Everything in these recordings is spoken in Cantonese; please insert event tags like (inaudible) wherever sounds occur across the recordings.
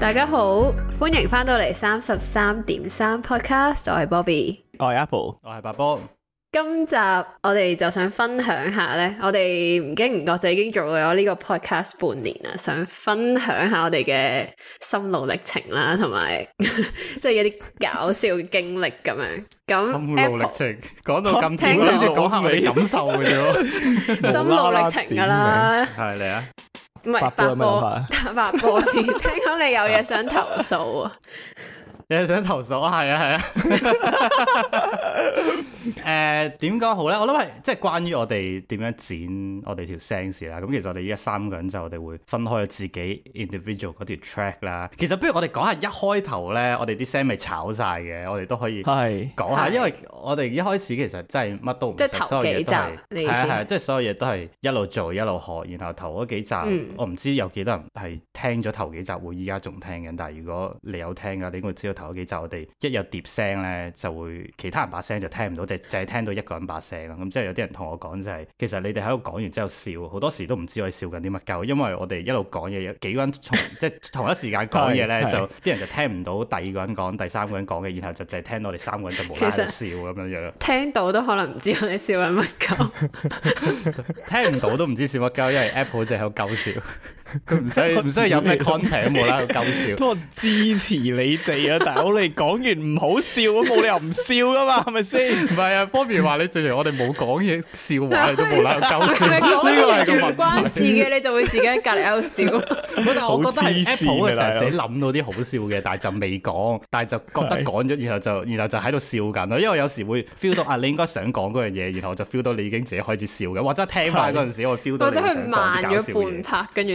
大家好，歡迎翻到嚟三十三點三 Podcast，我係 Bobby，我係 Apple，我係白波。今集我哋就想分享下咧，我哋唔經唔覺就已經做咗呢個 Podcast 半年啦，想分享下我哋嘅心路歷程啦，同埋即係有啲 (laughs) 搞笑經歷咁樣。咁心路歷程講 Apple, 到咁、哦、聽到，住講下你感受嘅啫。心路歷程噶啦，係嚟啊！啊啊啊啊唔係白波，打白波先。聽講你有嘢 (laughs) 想投訴啊！你係想投訴？係啊係啊，誒點講好咧？我諗係即係關於我哋點樣剪我哋條聲事啦。咁其實我哋依家三個人就我哋會分開自己 individual 嗰條 track 啦。其實不如我哋講下一開頭咧，我哋啲聲咪炒晒嘅，我哋都可以係講下，是因為我哋一開始其實真係乜都唔知即係頭幾集，係係即係所有嘢都係、就是、一路做一路學，然後頭嗰幾集，嗯、我唔知有幾多人係聽咗頭幾集會依家仲聽緊。但係如果你有聽嘅，你應該知道。頭嗰幾集我哋一有疊聲咧，就會其他人把聲就聽唔到，就淨係聽到一個人把聲咯。咁之後有啲人同我講就係、是，其實你哋喺度講完之後笑，好多時都唔知我哋笑緊啲乜鳩。因為我哋一路講嘢，有幾個人同 (laughs) 即係同一時間講嘢咧， (laughs) 對就啲是人就聽唔到第二個人講、第三個人講嘅，然後就淨係聽到我哋三個人就冇啦啦笑咁樣實樣。聽到都可能唔知我哋笑緊乜鳩， (laughs) (laughs) 聽唔到都唔知笑乜鳩，因為 Apple 就喺度搞笑。 (laughs) 佢唔使唔使有咩 contact 都冇啦啦搞笑。都話支持你哋啊！大佬，你哋講完唔好笑咁，冇理由唔笑噶嘛，係咪先？唔係啊，Bobby 話你之前我哋冇講嘢笑話，你都冇啦搞笑。呢個係咁關事嘅，你就會自己喺隔離喺度笑。我覺得係 Apple 嘅時候自己諗到啲好笑嘅，但係就未講，但係就覺得講咗，然後就然後就喺度笑緊咯。因為有時會 feel 到啊，你應該想講嗰樣嘢，然後就 feel 到你已經自己開始笑嘅。或者聽快嗰陣時，我 feel 到。或者佢慢咗半拍，跟住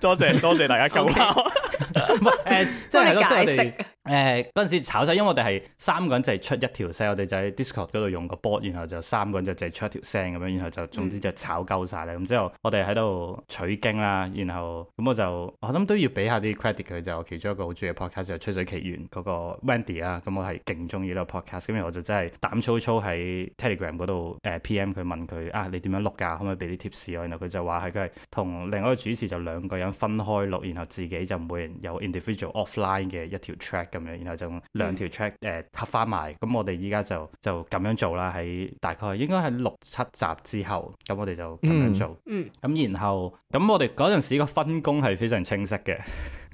多謝多謝大家救我。誒， (laughs) 即係我哋誒嗰陣時炒晒，因為我哋係三個人就係出一條聲，我哋就喺 Discord 嗰度用個波，然後就三個人就淨係出一條聲咁樣，然後就總之就炒夠晒啦。咁之、嗯、後我哋喺度取經啦，然後咁我就我諗都要俾下啲 credit 佢，就是、我其中一個好中意嘅 podcast 就吹水奇緣嗰個 Wendy 啦。咁我係勁中意呢個 podcast，咁然後我就真係膽粗粗喺 Telegram 嗰度誒、呃、PM 佢問佢啊，你點樣錄噶、啊？可唔可以俾啲 tips 然後佢就話係佢係同另外一個主持就兩個人。分開錄，然後自己就每人有 individual offline 嘅一條 track 咁樣，然後就兩條 track 誒、呃、合翻埋。咁我哋依家就就咁樣做啦。喺大概應該係六七集之後，咁我哋就咁樣做。嗯。咁、嗯、然後，咁我哋嗰陣時個分工係非常清晰嘅。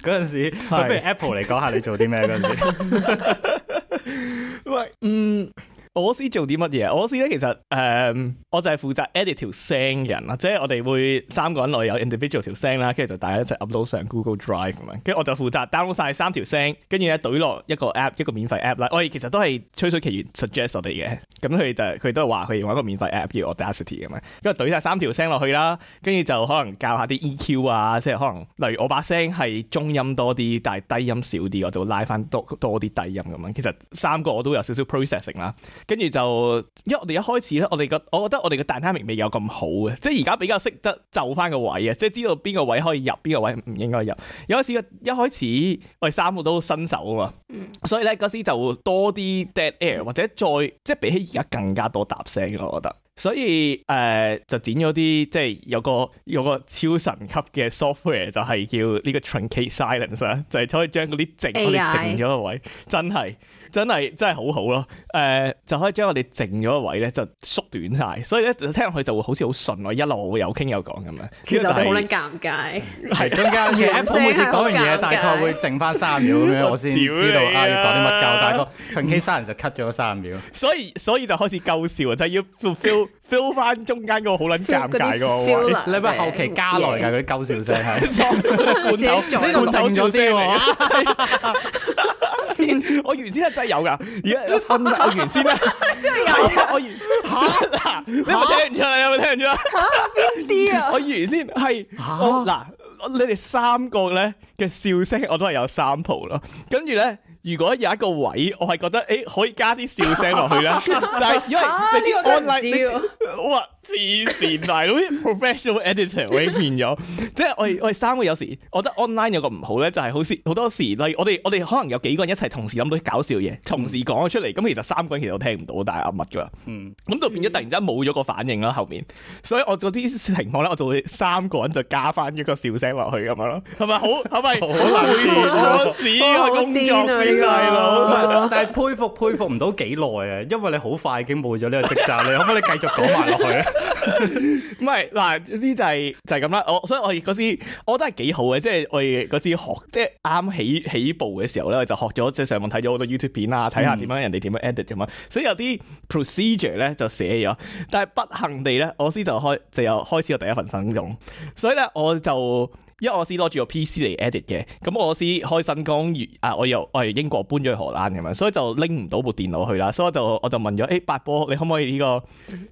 嗰陣時，不如 Apple 嚟講下你做啲咩嗰陣時。喂， (laughs) (laughs) 嗯。我先做啲乜嘢？我先咧，其實誒、嗯，我就係負責 edit 條聲人啦，即係我哋會三個人都有 individual 條聲啦，跟住就大家一齊 upload 上 Google Drive 咁啊。跟住我就負責 download 晒三條聲，跟住咧懟落一個 app 一個免費 app 啦。我哋其實都係吹水其員 suggest 我哋嘅咁，佢就佢都係話佢用一個免費 app 叫 Audacity 咁啊。跟住懟晒三條聲落去啦，跟住就可能教下啲、e、E.Q. 啊，即係可能例如我把聲係中音多啲，但係低音少啲，我就拉翻多多啲低音咁啊。其實三個我都有少少 processing 啦。跟住就，因為我哋一開始咧，我哋個我覺得我哋個彈性未有咁好嘅，即係而家比較識得就翻個位啊，即係知道邊個位可以入，邊個位唔應該入，有開始一開始，我哋三個都新手啊嘛，嗯、所以咧嗰時就多啲 dead air 或者再即係比起而家更加多搭聲我覺得。所以誒、呃、就剪咗啲即係有個有個超神級嘅 software 就係叫呢個 Truncate silence 啊，就係可以將嗰啲靜啲靜咗嘅位，真係。真係真係好好咯，誒就可以將我哋靜咗個位咧，就縮短晒。所以咧聽落去就會好似好順咯，一路有傾有講咁樣，其實好撚尷尬。係中間嘅我每次講完嘢大概會剩翻三十秒咁樣，我先知道啊要講啲乜鳩。但係個群 K 三人就 cut 咗三十秒，所以所以就開始鳩笑就係要 feel feel 翻中間嗰個好撚尷尬嗰個位。你咪後期加來㗎，啲鳩笑聲，罐頭做罐頭先嚟。 (laughs) 我原先係真係有㗎，而家瞓啦。我原先咩？真係有，我原吓嗱，你聽唔出你有冇聽唔出啊？邊啲啊？我原先係嗱，你哋三個咧嘅笑聲我都係有三蒲咯。跟住咧，如果有一個位，我係覺得誒、欸、可以加啲笑聲落去啦。 (laughs) 但係因為、啊、你啲案例哇。自視大佬啲 professional editor，我已經變咗，即係我哋我哋三個有時，有個時我，我覺得 online 有個唔好咧，就係好似好多時，例如我哋我哋可能有幾個人一齊同時諗到啲搞笑嘢，同時講咗出嚟，咁其實三個人其實都聽唔到，但係噏乜㗎？嗯，咁就變咗突然之間冇咗個反應啦後面，所以我啲情況咧，我就會三個人就加翻一個笑聲落去咁樣咯，係咪好係咪好難？屎嘅工作之內惶 (laughs) 但係佩服佩服唔到幾耐啊，因為你好快已經冇咗呢個職責，你可唔可以繼續講埋落去？唔係嗱，呢 (laughs) 就係、係、就係咁啦。我所以我嗰時我覺得係幾好嘅、就係就係，即係我哋嗰時學，即係啱起起步嘅時候咧，就學咗即係上網睇咗好多 YouTube 片啊，睇下點樣人哋點樣 edit 咁樣。所以有啲 procedure 咧就寫咗，但係不幸地咧，我先就開就有開始有第一份生用，所以咧我就。因為我先攞住個 PC 嚟 edit 嘅，咁我先開新工，啊我又我係英國搬咗去荷蘭咁樣，所以就拎唔到部電腦去啦，所以我就我就問咗誒八波，你可唔可以呢、呢個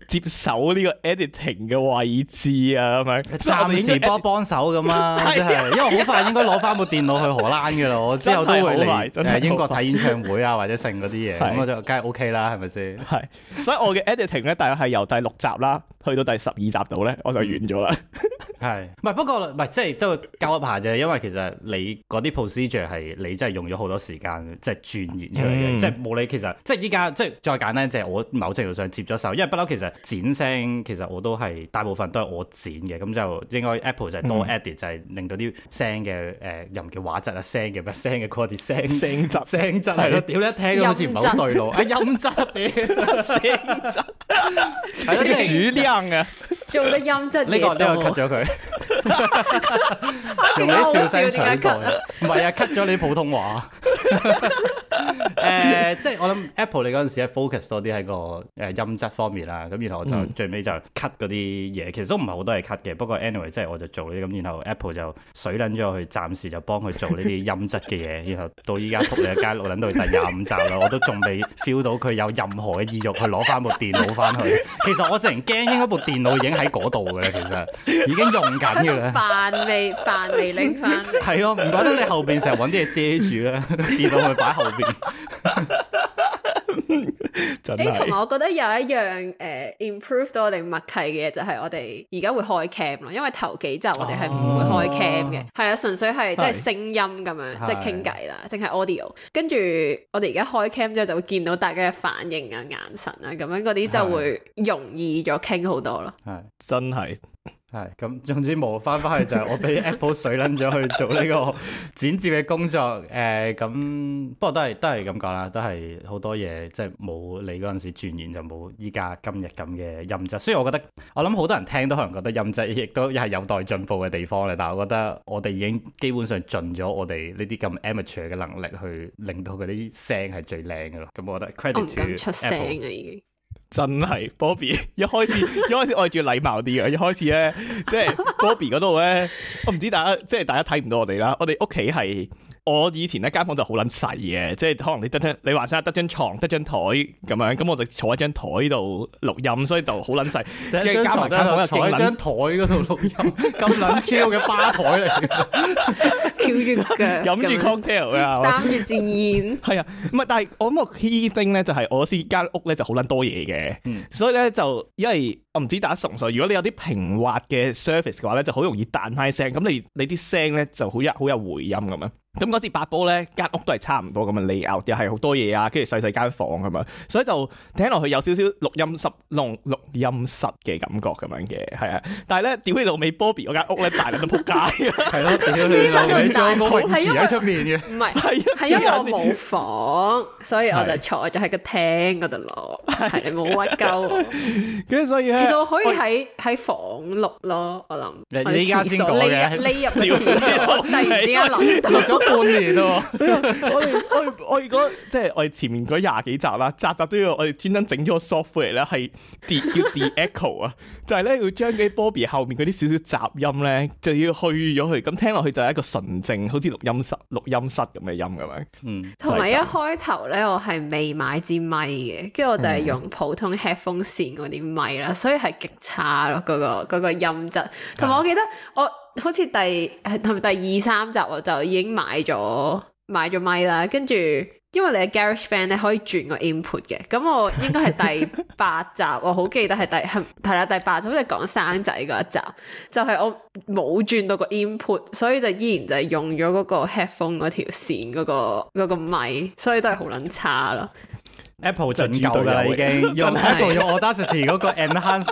接手呢個 editing 嘅位置啊？咁樣 (laughs) 暫時幫幫手咁啊， (laughs) 是 (laughs) 因為好快應該攞翻部電腦去荷蘭嘅啦，我 (laughs) 之後都會嚟誒英國睇演唱會啊或者剩嗰啲嘢，咁 (laughs) 是我就梗係 OK 啦，係咪先？係， (laughs) 所以我嘅 editing 咧大概係由第六集啦，去到第十二集度咧，我就完咗啦。 (laughs) 係，唔係不，不過唔係，即係都教一下啫。因為其實你嗰啲 procedure 係你真係用咗好多時間，就是研嗯、即係鑽研出嚟嘅，即係冇理，其實即係依家即係再簡單，即係我某程度上接咗手。因為不嬲，其實剪聲其實我都係大部分都係我剪嘅，咁就應該 Apple 就多 edit、嗯、就係令到啲聲嘅誒音嘅、呃、畫質啊、聲嘅咩聲嘅 quality 聲質聲質係咯，屌你一聽都好似唔係好對路啊，音質嘅聲質，啲主靚啊，做得音質呢個呢都要 cut 咗佢。呢個呢個 (laughs) 用啲笑聲取代，唔係啊，cut 咗你普通話。誒、 (laughs) 呃，即係我諗 Apple 你嗰陣時 focus 多啲喺個誒音質方面啦，咁然後我就最尾就 cut 嗰啲嘢，其實都唔係好多係 cut 嘅，不過 anyway 即係我就做呢啲，然後 Apple 就水捻咗去，暫時就幫佢做呢啲音質嘅嘢，然後到依家仆你一街路捻 (laughs) 到第廿五集啦，我都仲未 feel 到佢有任何嘅意欲去攞翻部電腦翻去，其實我成日驚驚嗰部電腦已經喺嗰度嘅啦，其實已經。動緊嘅啦，飯未飯未拎翻。係咯， (laughs) 唔怪得你後邊成日揾啲嘢遮住啦，電腦咪擺後邊。 (laughs) 真係。誒的，同埋、hey，我覺得有一樣誒、呃、，improve 到我哋默契嘅嘢，就係我哋而家會開 cam 咯。因為頭幾集我哋係唔會開 cam 嘅，係 (noise) 啊，純粹係即係聲音咁樣，即係傾偈啦，淨係 audio。跟住我哋而家開 cam 之後，就會見到大家嘅反應啊、眼神啊，咁樣嗰啲就會容易咗傾好多咯。係真係。的係，咁、哎、總之冇翻翻去就係我俾 Apple 水拎咗去做呢個剪接嘅工作，誒、 (laughs) 呃，咁不過都係都係咁講啦，都係好多嘢，即係冇你嗰陣時轉完就冇依家今日咁嘅音質。雖然我覺得我諗好多人聽都可能覺得音質亦都係有待進步嘅地方咧，但係我覺得我哋已經基本上盡咗我哋呢啲咁 amateur 嘅能力去令到佢啲聲係最靚嘅咯。咁、嗯、我覺得 credit to Apple 真係，Bobby 一開始一開始我係要禮貌啲嘅，一開始咧，即係 Bobby 嗰度咧，我唔知大家即係大家睇唔到我哋啦，我哋屋企係。我以前咧間房就好撚細嘅，即係可能你得張你話曬得張床、得張台咁樣，咁我就坐喺張台度錄音，所以就好撚細。一張牀喺度坐喺張台嗰度錄音，咁撚 chill 嘅吧台嚟，翹住 (laughs) (laughs) 腳飲住 cocktail 啊，擔住支煙。係啊，唔係，但係我諗個 key thing 咧，就係我呢間屋咧就好撚多嘢嘅，所以咧就因為我唔知打鬆碎。如果你有啲平滑嘅 surface 嘅話咧，就好容易彈開聲。咁你你啲聲咧就好有好有回音咁樣。咁嗰次八波咧，間屋都係差唔多咁樣，你 Out 又係好多嘢啊，跟住細細間房咁樣，所以就聽落去有少少錄音室、錄錄音室嘅感覺咁樣嘅，係啊。但係咧屌你老味，Bobby 嗰間屋咧大粒都仆街，係咯，屌你老味，我冇喺出面嘅，唔係，係因為我冇房，所以我就坐咗喺個廳嗰度攞，係冇屈鳩。跟住所以其實我可以喺喺房錄咯，我諗。你依家先匿入個，突然之間攞半年咯，我我我如果即係我哋前面嗰廿幾集啦，集集都要我哋專登整咗個 software 咧，係叫 deecho 啊，就係咧要將啲 Bobby 後面嗰啲少少雜音咧，就要去咗佢，咁聽落去就係一個純正好似錄音室錄音室咁嘅音咁樣。嗯、就是這個，同埋一開頭咧，我係未買支咪嘅，跟住我就係用普通 headphone 線嗰啲咪啦，嗯、所以係極差咯、嗰個，嗰、嗰個個音質。同埋我記得我。好似第係咪第二三集我就已經買咗買咗咪啦，跟住因為你嘅 GarageBand 咧可以轉個 input 嘅，咁我應該係第八集， (laughs) 我好記得係第係啦第八集，好似講生仔嗰一集，就係、是、我冇轉到個 input，所以就依然就係用咗嗰個 headphone 嗰條線嗰、那個、那個咪，所以都係好撚差咯。Apple 真夠噶啦，已經用 Apple 用 Audacity 嗰個 Enhance，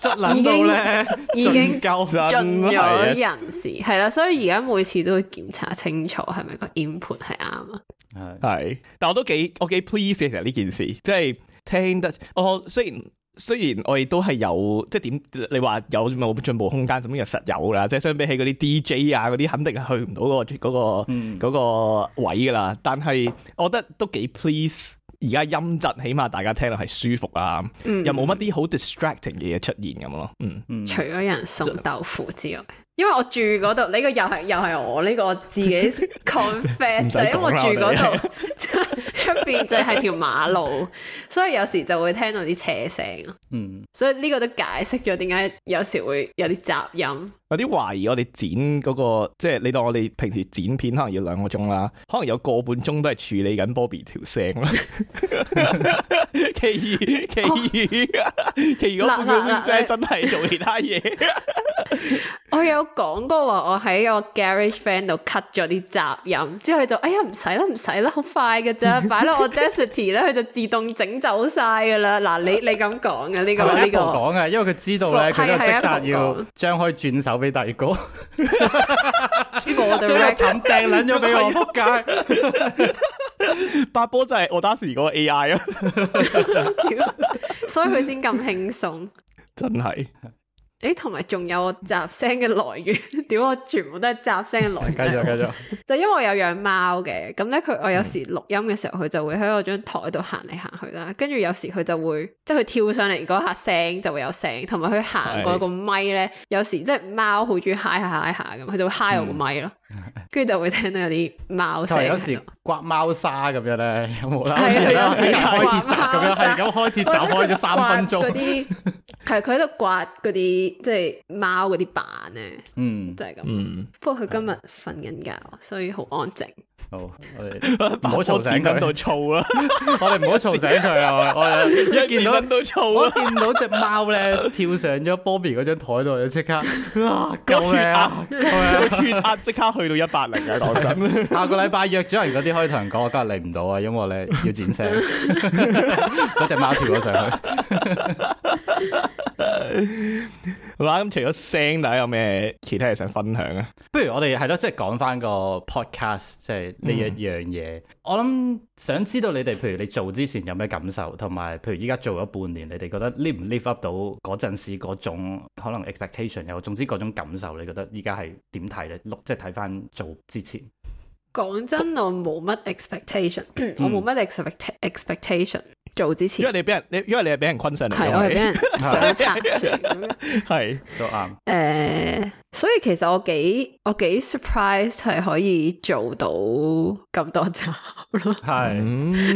出捻到咧，已經夠盡有人士係啦，所以而家每次都會檢查清楚係咪個 input 係啱啊？係，但我都幾我幾 please 嘅。其實呢件事，即係聽得我雖然雖然我亦都係有即係點你話有冇進步空間，咁又實有啦。即係相比起嗰啲 DJ 啊嗰啲，肯定係去唔到、嗰個嗰、嗰個、嗰個嗰個位噶啦。但係我覺得都幾 please。而家音質起碼大家聽落係舒服啊，嗯、又冇乜啲好 distracting 嘅嘢出現咁咯。嗯，嗯除咗有人送豆腐之外，因為我住嗰度，呢、這個又係又係我呢、這個我自己 confess， (laughs) 因為我住嗰度。 (laughs) (laughs) 邊就係條馬路，所以有時就會聽到啲車聲。嗯，所以呢個都解釋咗點解有時會有啲雜音。有啲懷疑我哋剪嗰個，即係你當我哋平時剪片，可能要兩個鐘啦，可能有個半鐘都係處理緊 Bobby 條聲啦。 (laughs) 其餘、哦、其餘其餘嗰半鐘聲真係做其他嘢。 (laughs) (laughs) 我有講過話，我喺我 garage friend 度 cut 咗啲雜音，之後你就哎呀唔使啦，唔使啦，好快噶啫，擺我 Audacity 咧，佢就自動整走晒噶啦。嗱，你你咁講嘅呢個呢個，講嘅，這個、因為佢知道咧，佢都係即刻要張開轉手俾第二個，呢個最氹掟卵咗俾我，扑街 (laughs) 噗嚨。 (laughs) 八婆就係我 Audacity 嗰個 AI 啊 (laughs) ， (laughs) 所以佢先咁輕鬆，真係。誒，同埋仲有雜聲嘅來源，屌我全部都係雜聲嘅來源。繼續，繼續。 (laughs) 就因為我有養貓嘅，咁咧佢我有，有時錄音嘅時候，佢就會喺我張台度行嚟行去啦。跟住有時佢就會，即係佢跳上嚟嗰下聲就會有聲，同埋佢行過個咪咧，的有時即係貓好中意嗨下嗨下咁，佢就會嗨我 g 個咪咯。跟住、嗯、就會聽到有啲貓聲。有時刮貓砂咁樣咧，有冇啦？有時開鐵閘咁樣，係咁 (laughs) (laughs) 開鐵閘開咗三分鐘。 (laughs) (laughs) 係佢喺度刮嗰啲即係貓嗰啲板咧，嗯，就係咁。嗯，不過佢今日瞓緊覺，所以好安靜。好，我哋唔好嘈醒佢。喺度嘈啦，我哋唔好嘈醒佢啊！我哋！一見到到燥我見到隻貓咧跳上咗 Bobby 嗰張台度，即刻啊！救命啊！血壓，高血壓，即刻去到一百零啊！當陣下個禮拜約咗人嗰啲可以同人講，今日嚟唔到啊，因為咧要剪聲。嗰隻貓跳咗上去。好啦，咁 (laughs) 除咗聲，大家有咩其他嘢想分享啊？不如我哋係咯，即係講翻個 podcast，即係呢一樣嘢。嗯、我諗想，想知道你哋，譬如你做之前有咩感受，同埋譬如依家做咗半年，你哋覺得 live 唔 live up 到嗰陣時嗰種可能 expectation，又總之嗰種感受，你覺得依家係點睇咧？即係睇翻做之前。講真，我冇乜 expectation，我冇乜 expectation。做之前，因為你俾人，你因為你係俾人困上嚟，係我係俾人上賊船，係都啱。誒，所以其實我幾我幾 surprise 係可以做到咁多集咯， (laughs) 係，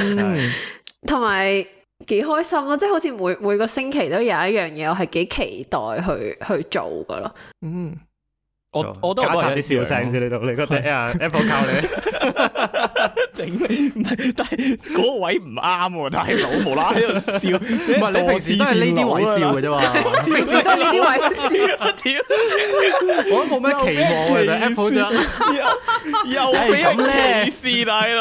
同埋 (laughs) 幾開心咯，即係好似每每個星期都有一樣嘢，我係幾期待去去做噶咯。嗯，我我，我加插啲笑聲、嗯、先你，你到你覺得 Apple 靠你。 (laughs) 頂你，唔但係嗰位唔啱，但係老、啊、無啦喺度笑，唔係 (laughs) 是你平時都係呢啲位笑嘅啫嘛，平時都係呢啲位笑， (laughs) 我冇咩期望嘅，Apple 啫，又俾一件事大佬，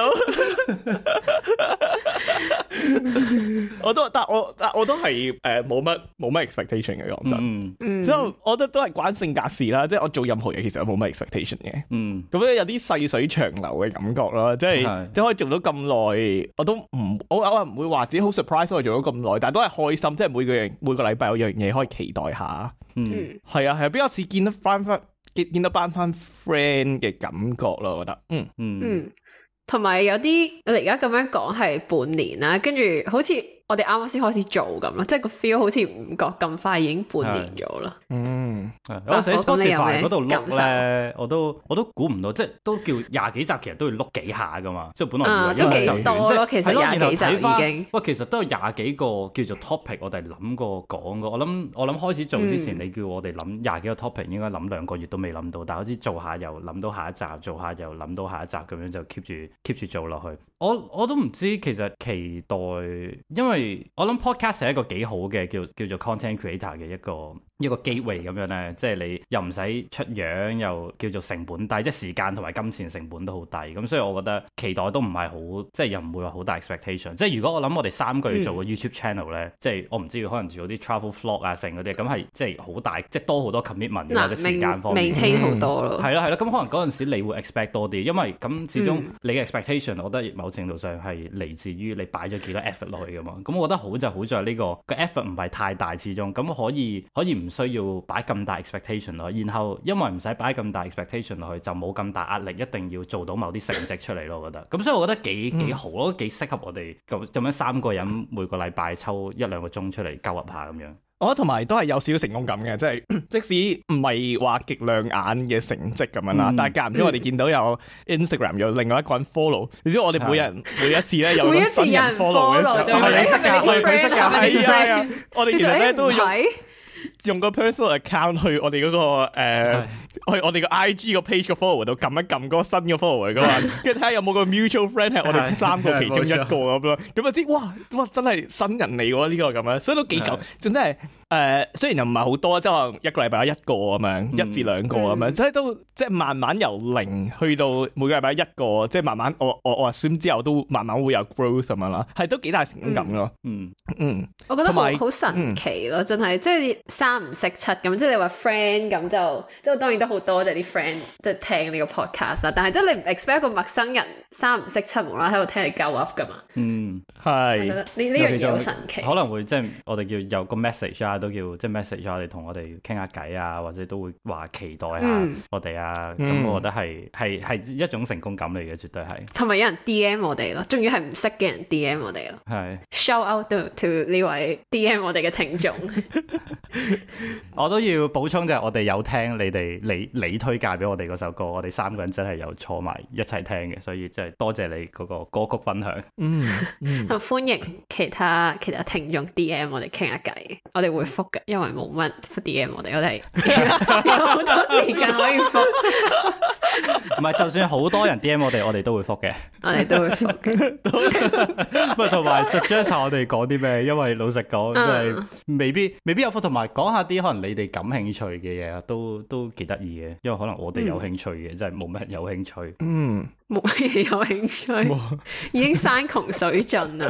(laughs) (laughs) (laughs) 我都但我但我都係誒冇乜冇乜 expectation 嘅講真，之後、嗯、我覺得都係關性格事啦，即係我做任何嘢其實都冇乜 expectation 嘅，嗯，咁咧 (laughs) (laughs) 有啲細水長流嘅。感覺咯，即係即係可以做咗咁耐，我都唔我我唔會話自己好 surprise，我做咗咁耐，但係都係開心，即係每樣每個禮拜有樣嘢可以期待下。嗯，係啊係啊，比較似見得翻翻見見到班翻 friend 嘅感覺咯，我覺得。嗯嗯，同埋、嗯、有啲我哋而家咁樣講係半年啦，跟住好似。我哋啱啱先開始做咁咯，即係個 feel 好似唔覺咁快已經半年咗啦。嗯，喺 Spotify 嗰度錄呢，我都我都估唔到，即係都叫廿幾集，其實都要碌幾下噶嘛。即係本來以為應其實就都廿幾集已經。哇，其實都有廿幾個叫做 topic，我哋諗過講過。我諗我諗開始做之前，嗯、你叫我哋諗廿幾個 topic，應該諗兩個月都未諗到。但係好似做下又諗到下一集，做下又諗到下一集，咁樣就 keep 住 keep 住做落去。我我都唔知，其實期待，因為我諗 podcast 係一個幾好嘅叫叫做 content creator 嘅一個一個機會咁樣呢，即係你又唔使出樣，又叫做成本低，即係時間同埋金錢成本都好低。咁所以我覺得期待都唔係好，即係又唔會話好大 expectation。即係如果我諗我哋三個要做個 YouTube channel 呢，嗯、即係我唔知可能做啲 travel vlog 啊成嗰啲，咁係即係好大，即係多好多 commitment、啊、或者時間方面，maintain 好多咯。係咯係咯，咁可能嗰陣時你會 expect 多啲，因為咁始終你嘅 expectation，嗯、我覺得某程度上係嚟自於你擺咗幾多 effort 落去㗎嘛。咁我覺得好就好在呢、呢個個 effort 唔係太大，始終咁可以可以唔。唔需要擺咁大 expectation 落去，然後因為唔使擺咁大 expectation 落去，就冇咁大壓力，一定要做到某啲成績出嚟咯。我覺得，咁所以我覺得幾幾好，我都幾適合我哋咁咁樣三個人每個禮拜抽一兩個鐘出嚟交合下咁樣。我覺得同埋都係有少少成功感嘅，即係即使唔係話極亮眼嘅成績咁樣啦，但係隔唔中我哋見到有 Instagram 有另外一個人 follow，你知道我哋每人每一次咧有每一次人 follow 就係你識嘅，係啊，我哋其實咩都用。用個 personal account 去我哋嗰、個、呃、是的 去我哋個 IG 個 page 嘅 follower 度撳一撳嗰個新嘅 follower 噶嘛，跟住睇下有冇個 mutual friend 係我哋三個其中一個咁咯，咁就知，哇哇真係新人嚟喎呢個咁啊，所以都幾久，仲是的 真係～誒，uh, 雖然又唔係好多，即係可能一個禮拜一個咁樣，嗯、一至兩個咁樣，嗯、即係都即係慢慢由零去到每個禮拜一個，即係慢慢我我我先之後都慢慢會有 growth 咁樣啦，係都幾大成功感咯。嗯嗯，我覺得好、嗯、神奇咯、啊，真係即係三唔識七咁，即係你話 friend 咁就即係當然都好多謝啲 friend 即係聽呢個 podcast 啦，但係即係你唔 expect 一個陌生人。三唔識七門啦，喺度聽你教 up 噶嘛？嗯，係的。你呢呢樣嘢好神奇。可能會即係我哋叫有個 message 啊，都叫即係 message、啊、我哋同我哋傾下偈啊，或者都會話期待下我哋啊。咁、嗯嗯、我覺得係係係一種成功感嚟嘅，絕對係。同埋有，有人 D M 我哋咯，仲要係唔識嘅人 D M 我哋咯。係是。Shout out to 呢位 D M 我哋嘅聽眾。我都要補充就係我哋有聽你哋你你推介俾我哋嗰首歌，我哋三個人真係有坐埋一齊聽嘅，所以。所以即係多謝你嗰個歌曲分享。嗯，咁、嗯、 (laughs) 歡迎其他其他聽眾 D M 我哋傾下偈，我哋會覆嘅，因為冇乜 D M 我哋，我哋有好多時間可以覆。唔係， (laughs) (laughs) 就算好多人 D M 我哋，我哋都會覆嘅。 (laughs) (laughs) 我哋都會覆。唔 (laughs) 係，同埋 suggest 下我哋講啲咩？因為老實講，真、就、係、是、未必未必有覆。同埋講下啲可能你哋感興趣嘅嘢啊，都都幾得意嘅。因為可能我哋有興趣嘅，嗯、真係冇乜有興趣。嗯。冇嘢有興趣，已經山窮水盡啦。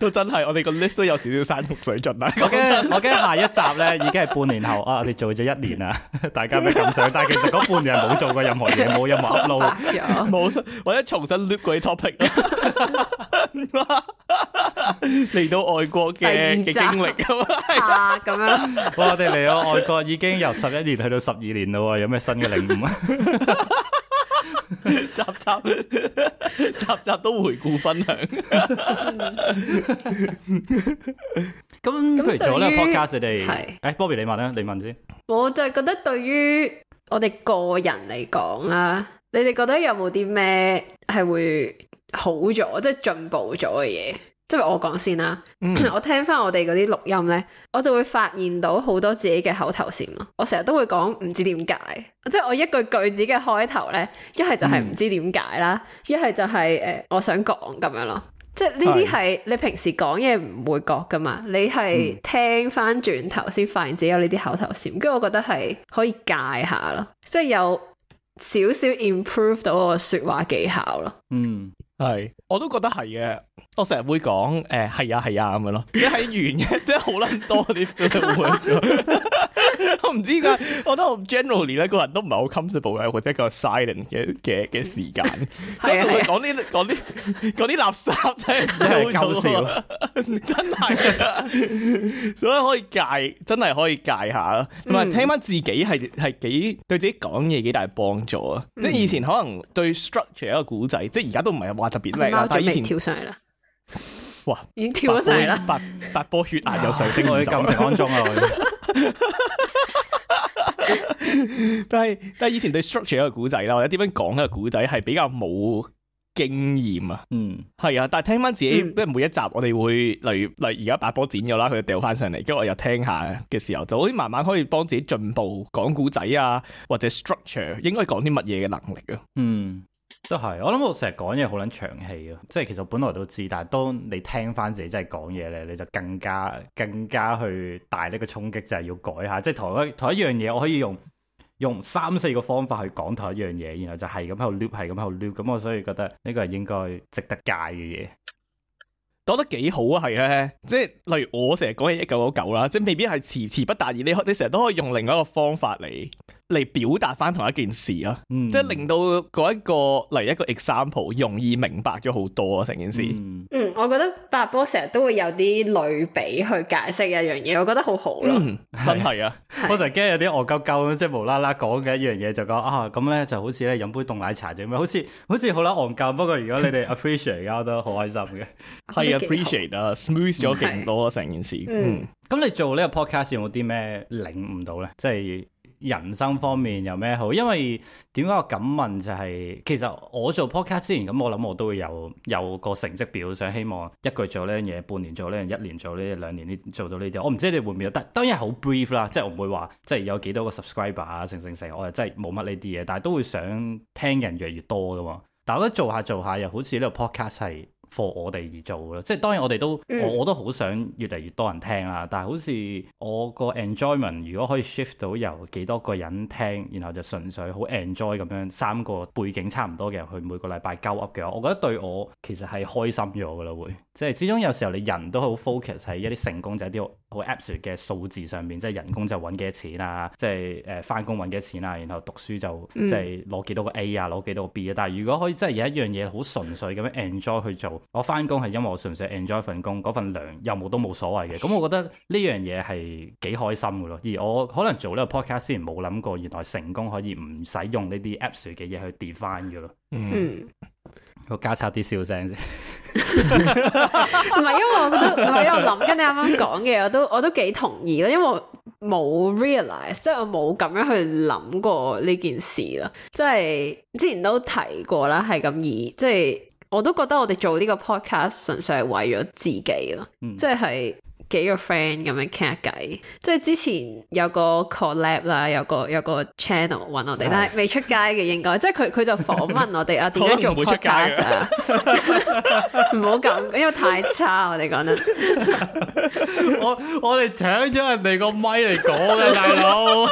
都真係，我哋個 list 都有少少山窮水盡啦。我驚，我驚下一集咧，已經係半年後啊！我哋做咗一年啊，大家咪咁想。但係其實嗰半年冇做過任何嘢，冇任何路，冇我一重新 loop 個 topic 嚟到外國嘅嘅經歷咁啊，咁樣。哇！我哋嚟到外國已經由十一年去到十二年啦，有咩新嘅領悟啊？集集集集都回顧分享，咁咁對於 podcast 你哋係，誒，Bobby 你問啦，你問先。我就係覺得對於我哋個人嚟講啦，你哋覺得有冇啲咩係會好咗，即係進步咗嘅嘢？即係我講先啦，嗯， (coughs) 我聽翻我哋嗰啲錄音呢，我就會發現到好多自己嘅口頭禪咯。我成日都會講唔知點解，即係我一句句子嘅開頭呢，一係、嗯、就係唔知點解啦，一係就係誒我想講咁樣咯。即係呢啲係你平時講嘢唔會覺噶嘛，你係聽翻轉頭先發現自己有呢啲口頭禪，跟住、嗯、我覺得係可以戒下咯，即、就、係、是、有少少 improve 到我說話技巧咯。嗯。係，我都覺得係嘅。我成日會講，誒、欸，係啊，係啊，咁樣咯。你係完嘅，即係好捻多啲 feel 我唔知依家，我覺得我 generally 咧，個人都唔係好 comfortable 嘅，或者一個 silent 嘅嘅嘅時間，即係同佢講啲講啲講啲垃圾真，真係、啊啊啊、搞笑， (laughs) 真係。所以可以戒，真係可以戒下啦。同埋聽翻自己係係、嗯、幾對自己講嘢幾大幫助啊？即係以前可能對 structure 一個古仔，即係而家都唔係話。特別貓嘴已經跳上嚟啦！哇，已經跳咗上嚟啦！八八波血壓又上升，我啲咁嘅安裝啊！但係但係以前對 structure 個古仔啦，或者點樣講嘅古仔係比較冇經驗啊。嗯，係啊。但係聽翻自己，即係每一集我哋會、嗯、例如，例如而家八波剪咗啦，佢掉翻上嚟，跟住我又聽下嘅時候，就好似慢慢可以幫自己進步講古仔啊，或者 structure 應該講啲乜嘢嘅能力啊。嗯。都係，我諗我成日講嘢好捻長氣啊！即係其實我本來都知，但係當你聽翻自己真係講嘢咧，你就更加更加去大呢個衝擊，就係要改下。即係同一同一樣嘢，我可以用用三四個方法去講同一樣嘢，然後就係咁喺度 loop，係咁喺度 loop。咁我所以覺得呢個係應該值得戒嘅嘢。講得幾好啊，係啊，即係例如我成日講嘢一舊一舊啦，即係未必係遲遲不達意。你你成日都可以用另外一個方法嚟。嚟表達翻同一件事咯，嗯、即係令到嗰一個嚟一個 example 容易明白咗好多啊！成件事，嗯，我覺得白波成日都會有啲類比去解釋一樣嘢，我覺得好好咯、嗯，真係啊！我成日驚有啲惡鳩鳩即係無啦啦講嘅一樣嘢就講啊，咁咧就好似咧飲杯凍奶茶咁樣，好似好似好啦，戇鳩，不過如果你哋 appreciate 而家都好開心嘅，係 (laughs) (laughs) appreciate (laughs) 啊，smooth 咗勁多成件事，嗯。嗯，咁你做呢個 podcast 有冇啲咩領悟到咧？即係。人生方面有咩好？因為點解我敢問就係、是，其實我做 podcast 之前咁，我諗我都會有有個成績表，想希望一個月做呢樣嘢，半年做呢樣，一年做呢樣，兩年，做到呢啲。我唔知你會唔會，得，當然好 brief 啦，即係我唔會話即係有幾多個 subscriber 啊，成成成，我係真係冇乜呢啲嘢，但係都會想聽人越嚟越多噶嘛。但係我覺得做下做下又好似呢個 podcast 係。課我哋而做咯，即係當然我哋都，嗯、我我都好想越嚟越多人聽啦。但係好似我個 enjoyment 如果可以 shift 到由幾多個人聽，然後就純粹好 enjoy 咁樣，三個背景差唔多嘅人去每個禮拜鳩噏嘅話，我覺得對我其實係開心咗㗎啦會。即係始終有時候你人都好 focus 喺一啲成功就係一啲好 absolute 嘅數字上面，即係人工就揾幾多錢啊，即係誒翻工揾幾多錢啊，然後讀書就即係攞幾多個 A 啊，攞幾多個 B 啊。但係如果可以真係有一樣嘢好純粹咁樣 enjoy 去做，我翻工係因為我純粹 enjoy 份工，嗰份糧有冇都冇所謂嘅。咁我覺得呢樣嘢係幾開心嘅咯。而我可能做呢個 podcast 先冇諗過，原來成功可以唔使用呢啲 absolute 嘅嘢去 define 嘅咯。嗯。嗯。我加插啲笑聲先，唔係因為我覺得我喺度諗緊你啱啱講嘅，我都我都幾同意咯。因為我冇 realize，即係我冇咁樣去諗過呢件事啦。即係之前都提過啦，係咁而，即係我都覺得我哋做呢個 podcast 純粹係為咗自己咯，即係、嗯。即係幾個 friend 咁樣傾下偈，即係之前有個 collab 啦，有個有個 channel 揾我哋，但係未出街嘅應該，即係佢佢就訪問我哋啊，點樣做？唔出街唔好咁，因為太差。我哋講得，我搶 (laughs) 在我哋搶咗人哋個咪嚟講嘅大佬，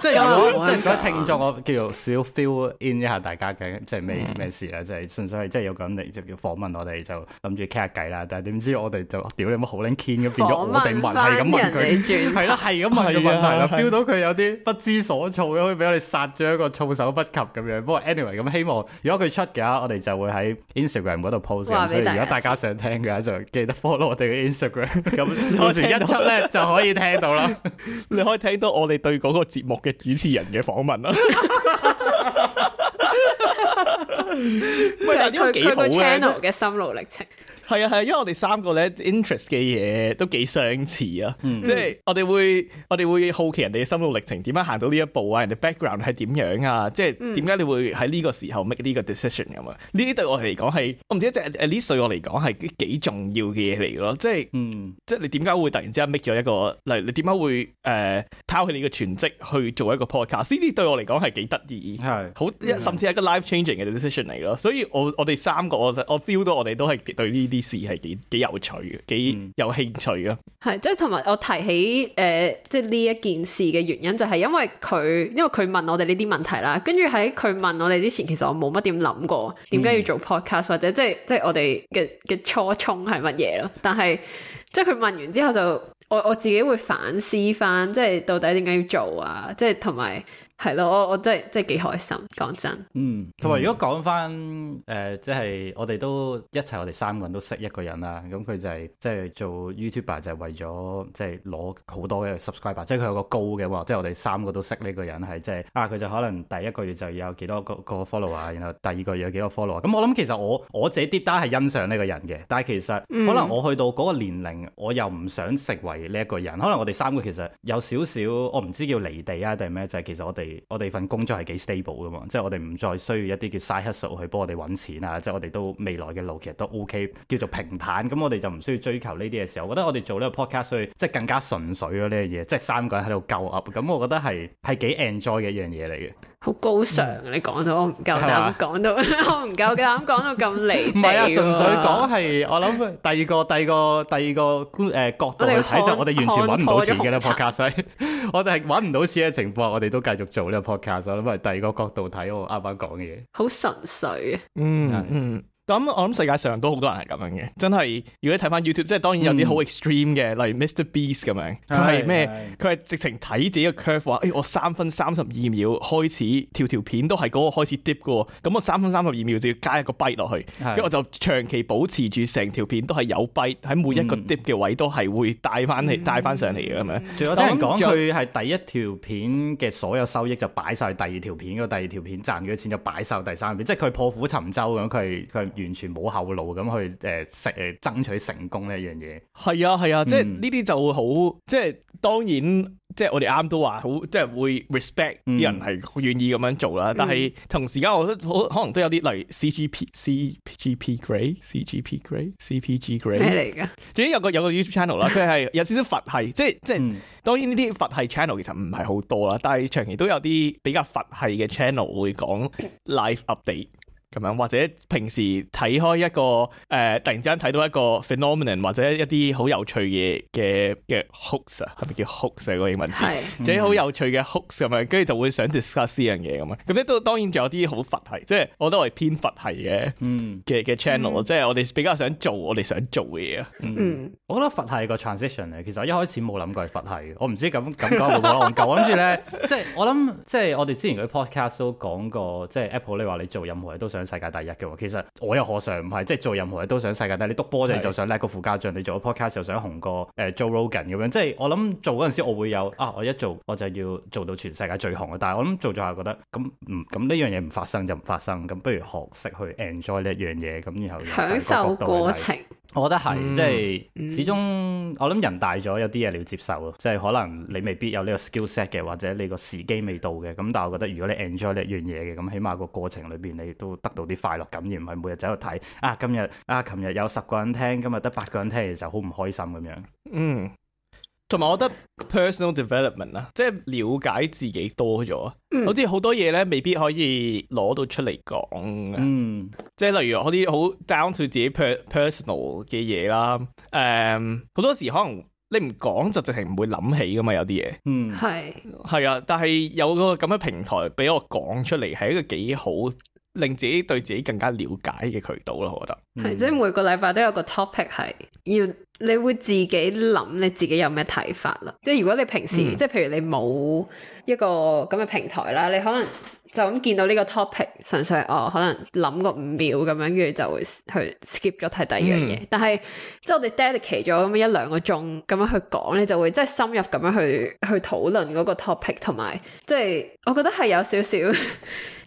即係有果即係聽眾我叫做少 fill in 一下大家嘅即係咩咩事啊，即係純、嗯、粹係即係有咁嚟即叫訪問我哋就諗住傾下偈啦，但係點知我哋就屌你乜好靚變咗我哋，問，係咁問佢，係啦， (laughs) 係咁問佢問題啦，feel 到佢有啲不知所措嘅，可以俾我哋殺咗一個措手不及咁樣。不過 anyway，咁希望如果佢出嘅話，我哋就會喺 Instagram 嗰度 post。所以如果大家想聽嘅話就記得 follow 我哋嘅 Instagram、 (laughs) 嗯。咁到時一出咧，就可以聽到啦。你可以聽到我哋對嗰個節目嘅主持人嘅訪問啦。喂， (laughs) 有幾個 channel 嘅心路歷程。係啊係啊，因為我哋三個咧，interest 嘅嘢都幾相似啊，mm hmm. 即係我哋會我哋會好奇人哋嘅心路歷程點樣行到呢一步啊，人哋 background 係點樣啊，mm hmm. 即係點解你會喺呢個時候 make 呢個 decision 咁啊？呢啲對我嚟講係，我唔知即係 at least 對我嚟講係幾重要嘅嘢嚟咯，即係，嗯、mm，hmm. 即係你點解會突然之間 make 咗一個，例如你點解會誒、呃、拋棄你嘅全職去做一個 podcast 呢啲對我嚟講係幾得意，係好、mm hmm.，甚至係一個 life changing 嘅 decision 嚟咯，所以我我哋三個我我 feel 到我哋都係對呢啲。啲事係幾幾有趣嘅，幾有興趣嘅。係即係同埋我提起誒、呃，即係呢一件事嘅原因，就係因為佢，因為佢問我哋呢啲問題啦。跟住喺佢問我哋之前，其實我冇乜點諗過，點解要做 podcast 或者即係即係我哋嘅嘅初衷係乜嘢咯？但係即係佢問完之後就，就我我自己會反思翻，即係到底點解要做啊？即係同埋。係咯，我我真係真係幾開心，講真。嗯，同埋如果講翻，誒、嗯，即係、呃就是、我哋都一齊，我哋三個人都識一個人啦。咁佢就係即係做 YouTuber，就係為咗即係攞好多嘅 subscriber 即係佢有個高嘅話，即、就、係、是、我哋三個都識呢個人係即係啊，佢就可能第一個月就有幾多個個 follower，然後第二個月有幾多 follower。咁、嗯、我諗其實我我自己啲單係欣賞呢個人嘅，但係其實可能我去到嗰個年齡，我又唔想成為呢一個人。可能我哋三個其實有少少，我唔知叫離地啊定係咩，就係、是、其實我哋。我哋份工作係幾 stable 嘅嘛，即係我哋唔再需要一啲叫 side hustle 去幫我哋揾錢啊，即係我哋都未來嘅路其實都 OK，叫做平坦，咁我哋就唔需要追求呢啲嘅時候，我覺得我哋做呢個 podcast 需要即係更加純粹咯，呢樣嘢，即係三個人喺度鳩噏，咁我覺得係係幾 enjoy 嘅一樣嘢嚟嘅。好高尚啊！你講到我唔夠膽講吧到，我唔夠夠膽講到咁離地。唔係 (laughs) 啊，純粹講係我諗第二個、第二個、第二個誒、呃、角度去睇就我，我哋完全揾唔到錢嘅啦，Podcast。我哋係揾唔到錢嘅情況，我哋都繼續做呢個啦，Podcast。咁咪第二個角度睇我啱啱講嘅嘢。好純粹。嗯嗯。嗯咁我諗世界上都好多人係咁樣嘅，真係。如果你睇翻 YouTube，即係當然有啲好 extreme 嘅，嗯、例如 Mr Beast 咁樣，佢係咩？佢係是直情睇自己嘅 curve 話，誒、哎、我三分三十二秒開始條條片都係嗰個開始 dip 嘅咁、嗯、我三分三十二秒就要加一個 bite 落去，跟住是 我就長期保持住成條片都係有 bite 喺每一個 dip 嘅位都係會帶翻嚟、嗯、帶翻上嚟嘅咁樣。仲有、嗯、聽人講佢係第一條片嘅所有收益就擺晒第二條片，個第二條片賺咗錢就擺晒第三條片，即係佢破釜沉舟咁，佢佢。完全冇後路咁去誒成誒爭取成功呢一樣嘢。係啊係啊，即係呢啲就會好、嗯，即係當然，即係我哋啱都話好，即係會 respect 啲人係願意咁樣做啦。嗯、但係同時間我，我覺得可能都有啲例如 CGP CGP Grey CGP Grey CPG Grey 咩嚟㗎？總之有個有個 YouTube channel 啦，佢係有少少佛系， (laughs) 即係即係當然呢啲佛系 channel 其實唔係好多啦，但係長期都有啲比較佛系嘅 channel 會講 live update。咁樣或者平時睇開一個誒、呃、突然之間睇到一個 phenomenon，或者一啲好有趣嘅嘅嘅 hocus 啊，係咪叫 hocus 個英文字？係是，啲好有,有趣嘅 hocus 咁樣跟住就會想 discuss 呢樣嘢咁樣，咁咧都當然仲有啲好佛係，即係我覺得我係偏佛係嘅嘅嘅 channel，、嗯、即係我哋比較想做我哋想做嘅嘢啊。嗯，嗯我覺得佛係個 transition 啊，其實我一開始冇諗過係佛係嘅，我唔知咁咁講唔夠。我諗住咧，即係我諗即係我哋之前啲 podcast 都講過，即係 Apple 你話你做任何嘢都想。世界第一嘅喎，其實我又何嘗唔係？即係做任何嘢都想世界第一。你督波就就想叻過附加獎，你做 podcast 就想紅過誒 Joe Rogan 咁樣。即係我諗做嗰陣時，我會有啊！我一做我就要做到全世界最紅啊！但係我諗做咗下，覺得咁唔咁呢樣嘢唔發生就唔發生，咁不如學識去 enjoy 呢樣嘢，咁然後各各各各各各享受過程。我覺得係，嗯、即係始終、嗯、我諗人大咗，有啲嘢你要接受咯。即係可能你未必有呢個 skill set 嘅，或者你個時機未到嘅。咁但係我覺得如果你 enjoy 呢樣嘢嘅，咁起碼個過程裏邊你都得到啲快樂感，而唔係每日走去睇啊，今日啊琴日有十個人聽，今日得八個人聽嘅時候好唔開心咁樣。嗯。同埋，我覺得 personal development 啊，即係了解自己多咗，嗯、好似好多嘢咧，未必可以攞到出嚟講。嗯，即係例如嗰啲好 down to 自己 per personal 嘅嘢啦。誒、嗯，好多時可能你唔講就直情唔會諗起㗎嘛。有啲嘢。嗯，係係啊，但係有個咁嘅平台俾我講出嚟，係一個幾好，令自己對自己更加了解嘅渠道咯，我覺得係即係每個禮拜都有個 topic 係要你會自己諗你自己有咩睇法啦。即係如果你平時、嗯、即係譬如你冇一個咁嘅平台啦，你可能。就咁見到呢個 topic，純粹哦，可能諗個五秒咁樣，跟住就會去 skip 咗睇第二樣嘢。但係即係我哋 dedicate 咗咁一兩個鐘咁樣去講咧，就會即係深入咁樣去去討論嗰個 topic，同埋即係我覺得係有少少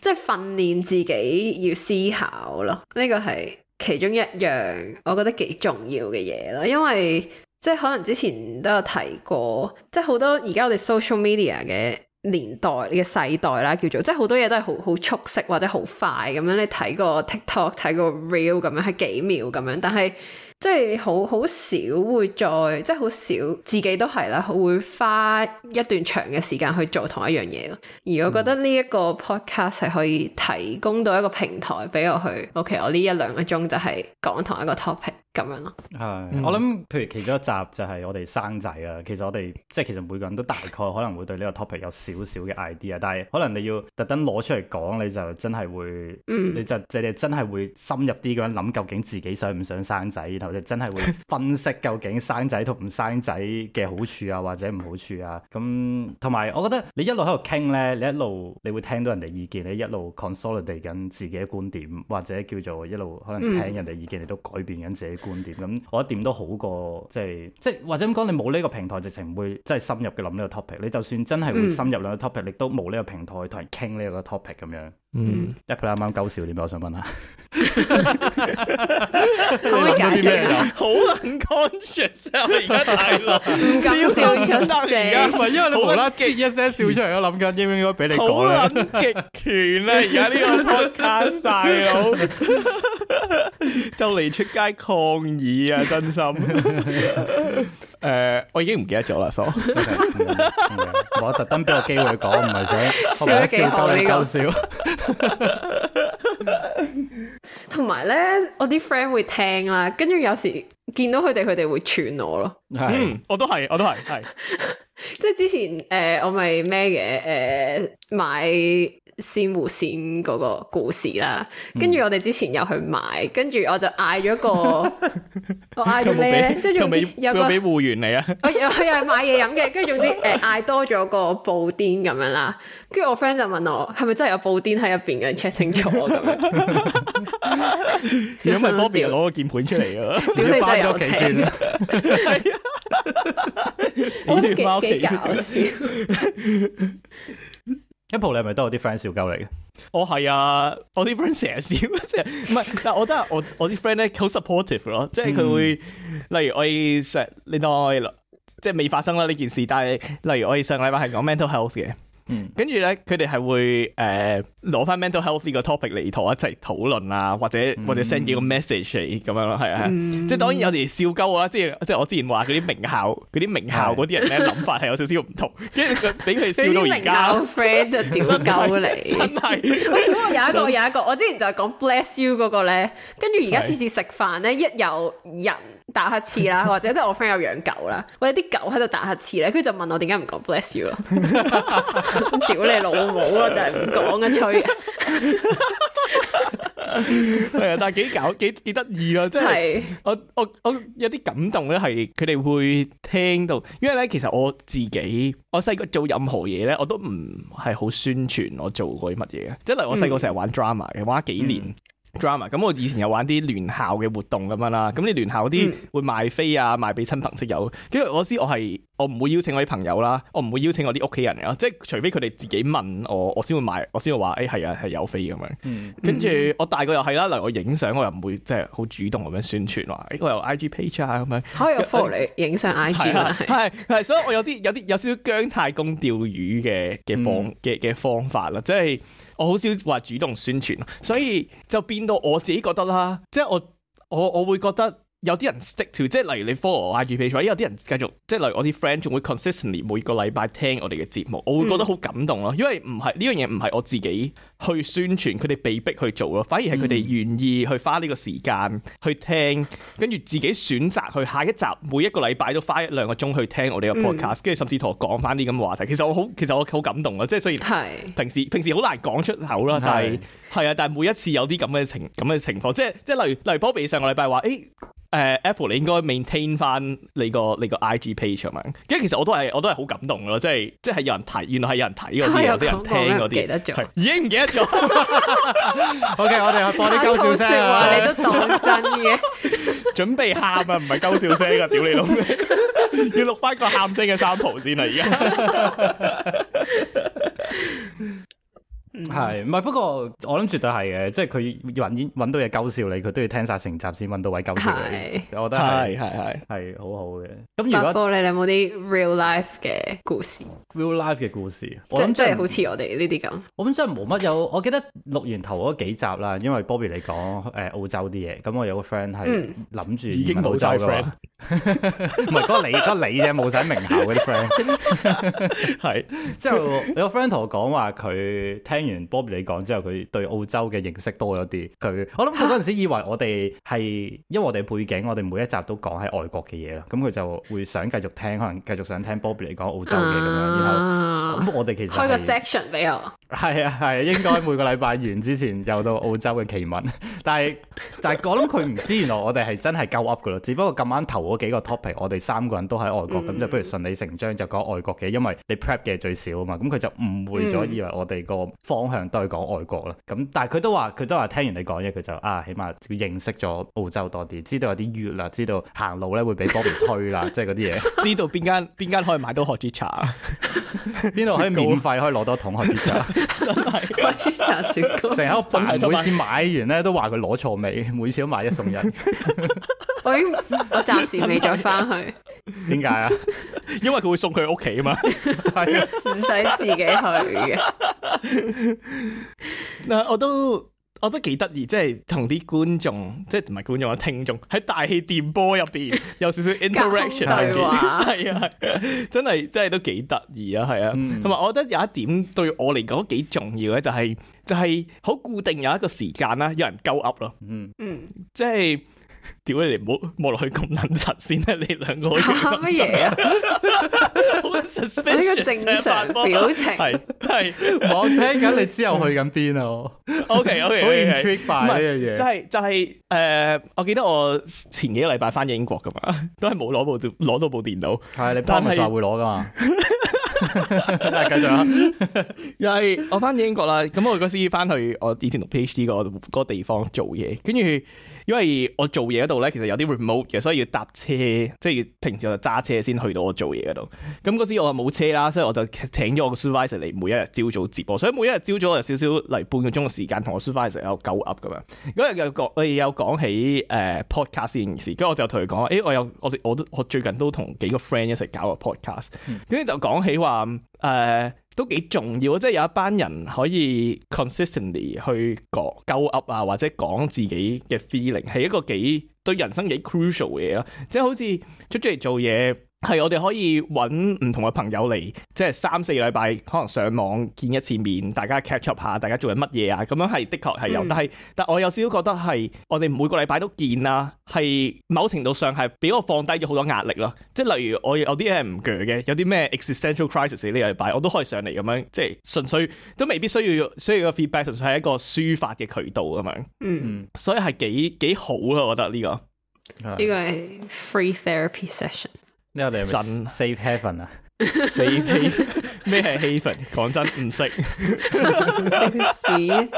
即係訓練自己要思考咯。呢個係其中一樣我覺得幾重要嘅嘢咯，因為即係、就是、可能之前都有提過，即係好多而家我哋 social media 嘅。年代呢個世代啦，叫做即係好多嘢都係好好速食或者好快咁樣，你睇個 TikTok，睇個 Reel 咁樣係幾秒咁樣，但係，即係好好少會再，即係好少自己都係啦，會花一段長嘅時間去做同一樣嘢咯。而我覺得呢一個 podcast 係可以提供到一個平台俾我去、嗯、，OK，我呢一兩個鐘就係講同一個 topic 咁樣咯。係是，嗯、我諗譬如其中一集就係我哋生仔啊，其實我哋即係其實每個人都大概可能會對呢個 topic 有少少嘅 idea，但係可能你要特登攞出嚟講，你就真係會，你就即係真係會深入啲咁樣諗究竟自己想唔想生仔。就 (laughs) 真係會分析究竟生仔同唔生仔嘅好處啊，或者唔好處啊。咁同埋，我覺得你一路喺度傾咧，你一路你會聽到人哋意見，你一路 consolidate 緊自己嘅觀點，或者叫做一路可能聽人哋意見，你都改變緊自己觀點。咁我覺得點都好過，就是，即係即係或者咁講，你冇呢個平台，直情唔會真係深入嘅諗呢個 topic。你就算真係會深入兩個 topic， (laughs) 你都冇呢個平台同人傾呢個 topic 咁樣。嗯，一拍啱啱搞笑，點解我想問下，好搞笑，好 unconscious 而家係唔笑笑出聲。唔係 (music) 因為你無啦啦接一聲笑出嚟，我諗緊應唔應該俾你講好撚極權咧，而家呢個 podcast 細佬就嚟出街抗議啊！真心。 (laughs) 誒，uh, 我已經唔記得咗啦，所我特登俾個機會講，唔係想笑夠你夠笑。同埋咧，我啲 friend 會聽啦，跟住有時見到佢哋，佢哋會串我咯。係是、嗯，我都係，我都係，係。 (laughs) 即係之前誒、呃，我咪咩嘅誒，買。仙芋仙嗰個故事啦，跟住我哋之前又去買，跟住我就嗌咗個， (laughs) 我嗌咗咩咧？即係仲有個俾會員嚟啊，佢、哦、又又係買嘢飲嘅，跟住總之誒嗌、呃、多咗個布甸咁樣啦，跟住我 friend 就問我係咪真係有布甸喺入邊嘅，check 清楚咁樣。如果唔係 Bobbi 攞個鍵盤出嚟嘅，點 (laughs) 你真係有錢？我覺得幾幾搞笑， (laughs) (laughs) (laughs) Apple，你係咪都有啲 friend 笑鳩嚟嘅？我係啊，我啲 friend 成日笑，即係唔係？但係我覺得我我啲 friend 咧好 supportive 咯，即係佢會，嗯、例如我上你當我即係未發生啦呢件事，但係例如我以上禮拜係講 mental health 嘅。跟住咧，佢哋係會誒攞翻 mental health 呢個 topic 嚟同我一齊討論啊，或者或者 send 幾個 message 嚟咁樣咯，係啊，嗯、即係當然有時笑鳩啊，即係即係我之前話嗰啲名校嗰啲名校嗰啲人咧諗法係有少少唔同，跟住佢俾佢笑到而家 friend 就點鳩你，真係喂點我有一個有一個，我之前就係講 bless you 嗰個咧，跟住而家次次食飯咧一有人。打乞嗤啦，或者即係我 friend 有養狗啦，或者啲狗喺度打乞嗤咧，佢就問我點解唔講 bless you 咯？ (laughs) 屌你老母咯，就係唔講嘅吹嘅，係啊，但係幾搞幾幾得意咯，即係是我我我有啲感動咧，係佢哋會聽到，因為咧其實我自己我細個做任何嘢咧，我都唔係好宣傳我做過啲乜嘢嘅，即係例如我細個成日玩 drama 嘅，嗯、玩幾年、嗯。drama 咁我以前有玩啲聯校嘅活動咁樣啦，咁你聯校嗰啲會賣飛啊，賣俾親朋戚友。跟住我知我係我唔會邀請我啲朋友啦，我唔會邀請我啲屋企人嘅，即係除非佢哋自己問我，我先會賣，我先會話誒係啊係有飛咁樣。跟住，嗯、我大個又係啦，嗱我影相我又唔會即係好主動咁樣宣傳話，欸，我有 I G page 啊咁樣。可以 follow 你影相 I G 啦，係係，所以我有啲有啲有少少薑太公釣魚嘅嘅方嘅嘅方法啦，即係。我好少話主動宣傳，所以就變到我自己覺得啦，即係我我我會覺得有啲人 stick to，即係例如你 follow 我 IG page，有啲人繼續，即係例如我啲 friend 仲會 consistently 每個禮拜聽我哋嘅節目，我會覺得好感動咯，嗯、因為唔係呢樣嘢唔係我自己，去宣傳，佢哋被逼去做咯，反而係佢哋願意去花呢個時間去聽，跟住自己選擇去下一集，每一個禮拜都花一兩個鐘去聽我哋嘅 Podcast，跟住、嗯、甚至同我講翻啲咁嘅話題其，其實我好，其實我好感動啊！即係雖然平時平時好難講出口啦，但係係啊，但係每一次有啲咁嘅情咁嘅情況，即係即係例如例如波比上個禮拜話，誒、哎、誒、呃、Apple 你應該 maintain 翻你個你個 IG page 啊嘛。咁其實我都係我都係好感動咯，即係即係有人睇，原來係有人睇嗰啲，有人聽嗰的啲，記得已經唔記得。 (laughs) O K，我哋播啲鳩笑聲。 (music) 啊！你都講真嘅，準備喊啊，唔係鳩笑聲㗎，屌你老味！ (laughs) 要錄翻個喊聲嘅三圖先啊，而家。係，唔係不過我諗絕對係嘅，即係佢揾揾到嘢鳩笑你，佢都要聽晒成集先揾到位鳩笑你，我覺得係係係係好好嘅。咁如果你有冇啲 real life 嘅故事？real life 嘅故事，我諗即係好似我哋呢啲咁。我諗真係冇乜有，我記得錄完頭嗰幾集啦，因為 Bobby 你講誒澳洲啲嘢，咁我有個 friend 係諗住移民澳洲 friend，唔係嗰個你嗰個你啫，冇使名校嗰啲 friend。係，之後有個 friend 同我講話佢聽。聽完，Bobby 你講之後，佢對澳洲嘅認識多咗啲。佢，我諗佢嗰陣時以為我哋係， (laughs) 因為我哋背景，我哋每一集都講喺外國嘅嘢啦，咁佢就會想繼續聽，可能繼續想聽 Bobby 你講澳洲嘅咁樣。Uh，然後，咁我哋其實開個 section 俾我。係啊，係、啊、應該每個禮拜完之前又到澳洲嘅奇聞， (laughs) 但係但係講到佢唔知原來我我哋係真係夠 up 噶咯，只不過今晚頭嗰幾個 topic 我哋三個人都喺外國，咁、嗯、就不如順理成章就講外國嘅，因為你 prep 嘅最少啊嘛，咁佢就誤會咗以為我哋個方向都係講外國啦，咁、嗯、但係佢都話佢都話聽完你講嘢，佢就啊起碼認識咗澳洲多啲，知道有啲月啦，知道行路咧會俾波面推啦，即係嗰啲嘢，知道邊間邊間可以買到賀茲茶，邊度 (laughs) 可以免費面可以攞多桶賀茲茶。 (laughs) 真係， (laughs) 我專茶雪糕。成日我爸每次買完咧，都話佢攞錯味，每次都買一送一。 (laughs) (laughs) (laughs) 我已經，我暫時未再翻去。點解啊？因為佢會送佢屋企啊嘛，唔 (laughs) 使 (laughs) (laughs) 自己去嘅。嗱，我都。我覺得幾得意，即係同啲觀眾，即係唔係觀眾啊，聽眾喺大氣電波入邊有少少 interaction，係啊係 (laughs) 對 (laughs) 啊，真係真係都幾得意啊係啊，同埋、嗯、我覺得有一點對我嚟講幾重要嘅就係、是、就係、是、好固定有一個時間啦，有人鳩噏咯，嗯，即係。屌，你哋唔好望落去咁撚實先啦！你兩個吓乜嘢啊？呢個 (laughs) susp icious, 正常表情係係。我 (laughs) 聽緊你之後去緊邊啊？OK OK (laughs) OK。好 intrigued by 呢樣嘢。就係、是、就係、是、誒、呃，我記得我前幾禮拜翻咗英國噶嘛，都係冇攞部攞到部電腦。係你包物晒會攞噶嘛？咁 (laughs) 啊 (laughs) 繼續，繼續啦。又係我翻咗英國啦，咁我嗰次翻去我以前讀 PhD 個嗰個地方做嘢，跟住。因為我做嘢嗰度咧，其實有啲 remote 嘅，所以要搭車，即係平時我就揸車先去到我做嘢嗰度。咁嗰時我冇車啦，所以我就請咗我嘅 supervisor 嚟，每一日朝早接我，所以每一日朝早我就少少嚟半個鐘嘅時、時間同我 supervisor 有狗噏咁樣。嗰日又講，佢有講起誒 podcast 呢件事，跟住我就同佢講，誒、欸、我有我我都我最近都同幾個 friend 一齊搞個 podcast，跟住就講起話。誒、uh, 都幾重要，即係有一班人可以 consistently 去講鳩 Up 啊，或者講自己嘅 feeling，係一個幾對人生幾 crucial 嘅嘢咯，即係好似出咗嚟做嘢。係我哋可以揾唔同嘅朋友嚟，即係三四禮拜可能上網見一次面，大家 catch up 下，大家做緊乜嘢啊？咁樣係的確係有，嗯、但係但我有少少覺得係我哋每個禮拜都見啦，係某程度上係俾我放低咗好多壓力咯。即係例如我有啲嘢唔鋸嘅，有啲咩 existential crisis 呢個禮拜我都可以上嚟咁樣，即係純粹都未必需要需要個 feedback，純粹係一個抒發嘅渠道咁樣。嗯，嗯，所以係幾幾好啊，我覺得呢、呢個呢個係 free therapy session。真 safe heaven 啊？safe 咩係 heaven？講真唔識，食屎。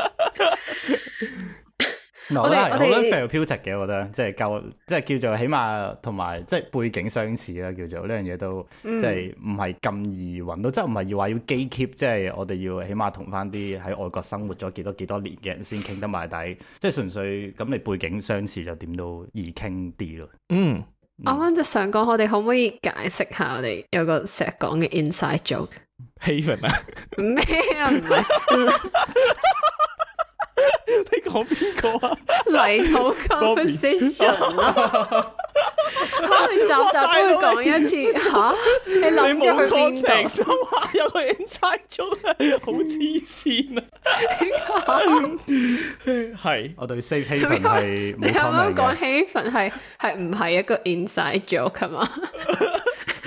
我真係我覺得 feel 嘅們，我覺得即係夠，即係叫做起碼同埋即係背景相似啦。叫做呢樣嘢都即係唔係咁易揾到，即係唔係要話要 gatekeep 即係我哋要起碼同返啲喺外國生活咗幾多幾多年嘅人先傾得埋底。即係、就是、純粹咁，你背景相似就點都易傾啲咯。嗯。啱啱就想講，我哋可唔可以解釋下，我哋有個成日講嘅 inside joke，Haven 啊？咩啊？唔係，你講邊個啊？泥土 composition 啊？可能集集都要講一次，吓你諗住去邊度，就話有，有個 inside joke 係好黐線啊！點 (laughs) 解？係 (laughs) 我對 Safe Haven 係你啱啱講 Haven 係係唔係一個 inside joke 啊？ (laughs)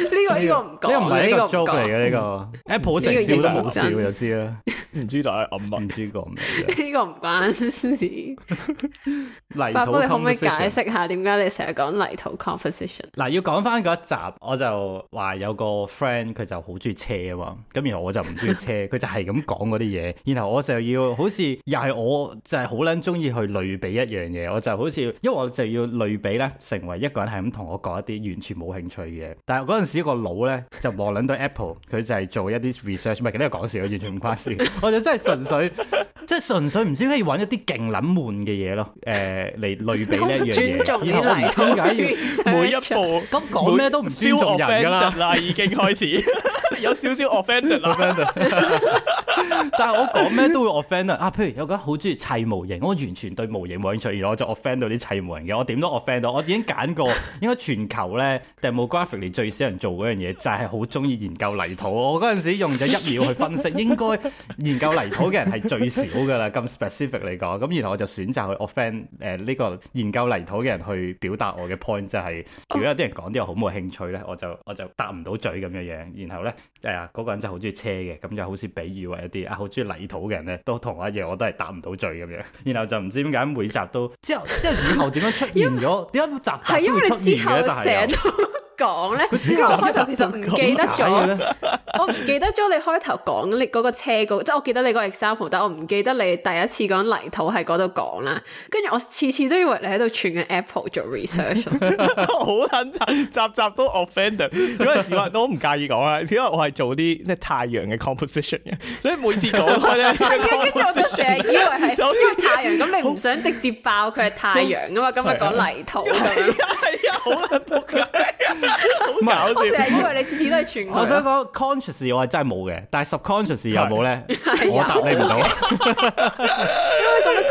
呢個呢個唔講，呢個唔係呢個 job 嚟嘅呢個。Apple 直笑都冇笑就知啦，唔知就係暗密，唔知講咩。呢個唔關事。泥土，你可唔可以解釋下點解你成日講泥土 composition？嗱，要講翻嗰一集，我就話有個 friend 佢就好中意車啊嘛，咁然後我就唔中意車，佢就係咁講嗰啲嘢，然後我就要好似又係我就係好捻中意去類比一樣嘢，我就好似因為我就要類比咧，成為一個人係咁同我講一啲完全冇興趣嘅嘢，但係嗰陣。只個腦咧就望撚到 Apple，佢就係做一啲 research，唔係幾多講笑，完全唔關事。我就真係純粹，即係純粹唔知可以揾一啲勁撚悶嘅嘢咯，誒、呃、嚟類比呢一樣嘢。然後我唔清楚每一步，咁講咩都唔 feel offended 啦，offended，已經開始有少少 offended 啦。 (laughs) offended, (laughs) (laughs) 但係我講咩都會 offend 啊！譬如有個好中意砌模型，我完全對模型冇興趣，然後我就 offend 到啲砌模型嘅，我點都 offend 到。我已經揀過應該全球咧，demographic 嚟最少人做嗰樣嘢，就係好中意研究泥土。我嗰陣時用咗一秒去分析，應該研究泥土嘅人係最少㗎啦。咁 specific 嚟講，咁然後我就選擇去 offend 呢、呃這個研究泥土嘅人去表達我嘅 point，就係、是、如果有啲人講啲好冇興趣咧，我就我就答唔到嘴咁樣樣。然後咧誒嗰個人就好中意車嘅，咁就好似比喻為一啲。好中意泥土嘅人咧，都同我一樣，我都係答唔到罪咁樣，然後就唔知點解每集都， (laughs) 之後之後以後點樣出現咗，點解 (laughs) 為集集都出現嘅？但係。 (laughs) 講咧，我、啊、開頭其實唔記得咗，的的我唔記得咗你開頭講你嗰個車嗰，即係 (laughs) 我記得你嗰個 example，但我唔記得你第一次講泥土喺嗰度講啦。跟住我次次都以為你喺度傳緊 Apple 做 research，好撚雜雜 (laughs) 都 offender。嗰陣時我都唔介意講啦，因為我係做啲咩太陽嘅 composition 嘅，所以每次講開咧， (laughs) 因為我以為係做太陽咁， (laughs) 你唔想直接爆佢係太陽噶嘛？咁日講泥土咁係啊，好 (laughs) 難扑報街 (laughs) 唔係，我成日以為你次次都係全我。我想講 conscious 我係真係冇嘅，但係 subconscious 有冇咧？我答你唔到。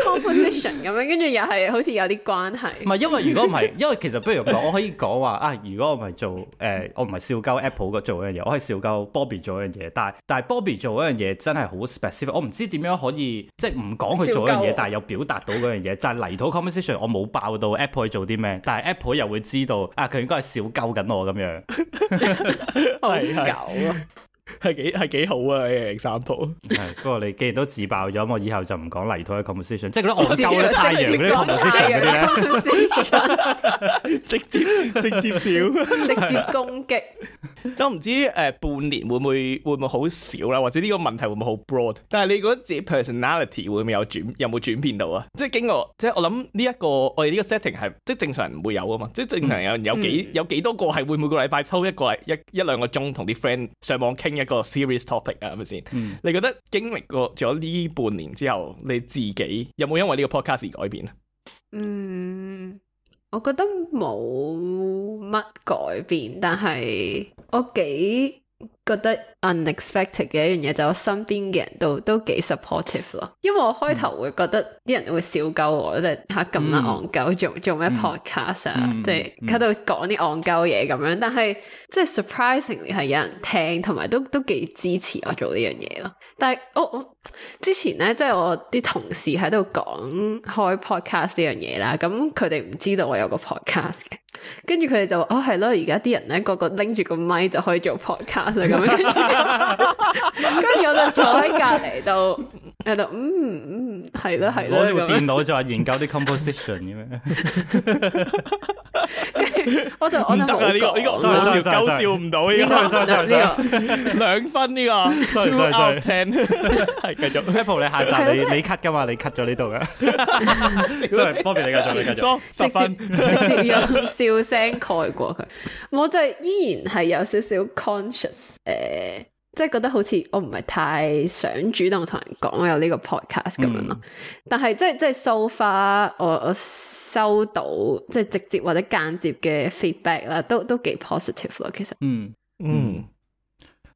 composition 咁樣， (laughs) 跟住又係好似有啲關係。唔係，因為如果唔係，因為其實不如我可以講話啊。如果我唔係做誒、欸，我唔係笑鳩 Apple 嘅做一樣嘢，我係笑鳩 Bobby 做一樣嘢。但係但係 Bobby 做一樣嘢真係好 specific。我唔知點樣可以即係唔講佢做一樣嘢，但係又表達到嗰樣嘢。但係泥土 conversation 我冇爆到 Apple 做啲咩，但係 Apple 又會知道啊，佢應該係笑鳩緊我咁樣。係、 (laughs) (laughs) 啊。 (laughs) 係幾係幾好啊？sample 係，不過 (laughs) 你既然都自爆咗，我以後就唔講泥土嘅 conversation， (laughs) 即係嗰啲我夠曬太陽嗰啲 conversation 啲咧。直接直接屌， (laughs) 直接攻擊。都唔知誒、呃，半年會唔會會唔會好少啦？或者呢個問題會唔會好 broad？但係你覺得自己 personality 會唔會有轉？有冇轉變到啊？即係經過，即係我諗呢一個我哋呢個 setting 係，即係正常唔會有啊嘛。即係正常人有人有幾、嗯、有幾有幾多個係會會每個禮拜抽一個一一兩個鐘同啲 friend 上網傾。一個 serious topic 啊，係咪先？你覺得經歷過咗呢半年之後，你自己有冇因為呢個 podcast 而改變咧？嗯，我覺得冇乜改變，但係我幾覺得 unexpected 嘅一樣嘢就我身邊嘅人都都幾 supportive 咯，因為我開頭會覺得啲人會笑鳩我，即係吓，咁啦，戇鳩做做咩 podcast 啊，即係喺度講啲戇鳩嘢咁樣，但係即係 surprisingly 係有人聽，同埋都都幾支持我做呢樣嘢咯。但係我我之前咧即係我啲同事喺度講開 podcast 呢樣嘢啦，咁佢哋唔知道我有個 podcast 嘅，跟住佢哋就話，哦係咯，而家啲人咧個個拎住個咪就可以做 podcast 咁。 (laughs) 跟住我就坐喺隔離度。喺度嗯嗯，係啦係啦，攞住電腦就話研究啲 composition 咁樣，跟住我就我諗呢個呢個好笑，搞笑唔到呢個呢個兩分呢個，衰衰衰，係繼續 Apple 你下集你你 cut 噶嘛，你 cut 咗呢度噶，真係方便你噶，你繼續你繼續，直接直接用笑聲蓋過佢，我就依然係有少少 conscious 誒。即係覺得好似我唔係太想主動同人講我有呢個 podcast 咁樣咯。嗯，但係即係即係 so far，我我收到即係直接或者間接嘅 feedback 啦，都都幾 positive 咯，其實。嗯嗯。嗯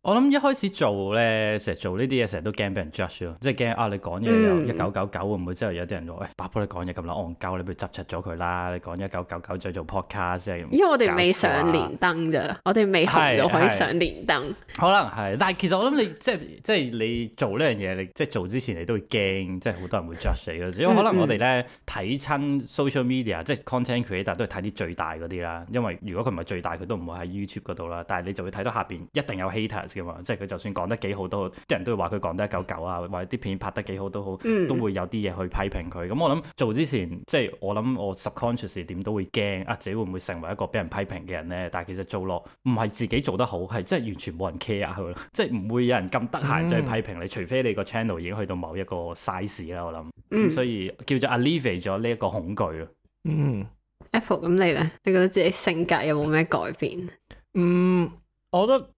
我諗一開始做咧，成日做呢啲嘢，成日都驚俾人 judge 咯，即係驚啊！你講嘢又一九九九會唔會之後有啲人、哎、話：，喂，白波你講嘢咁撚戇鳩，你不如執柒咗佢啦！你講一九九九再做 Podcast 因為我哋未上連登咋，啊、我哋未學到可以上連登，可能係，但係其實我諗你即係即係你做呢樣嘢，你即係做之前你都會驚，即係好多人會 judge 你咯。因為可能我哋咧睇親 social media，即係 content creator 都係睇啲最大嗰啲啦。因為如果佢唔係最大，佢都唔會喺 YouTube 嗰度啦。但係你就會睇到下邊一定有 hater 即係佢就算講得幾好，都好，啲人都會話佢講得一嚿狗啊，或者啲片拍得幾好都好，都會有啲嘢去批評佢。咁、嗯嗯、我諗做之前，即係我諗我 subconscious 點都會驚啊，自己會唔會成為一個俾人批評嘅人咧？但係其實做落唔係自己做得好，係即係完全冇人 care 佢，即係唔會有人咁得閒再批評你，嗯、除非你個 channel 已經去到某一個 size 啦。我諗、嗯，所以叫做 alleviate 咗呢一個恐懼。嗯，Apple 咁你咧，你覺得自己性格有冇咩改變？嗯，我覺得。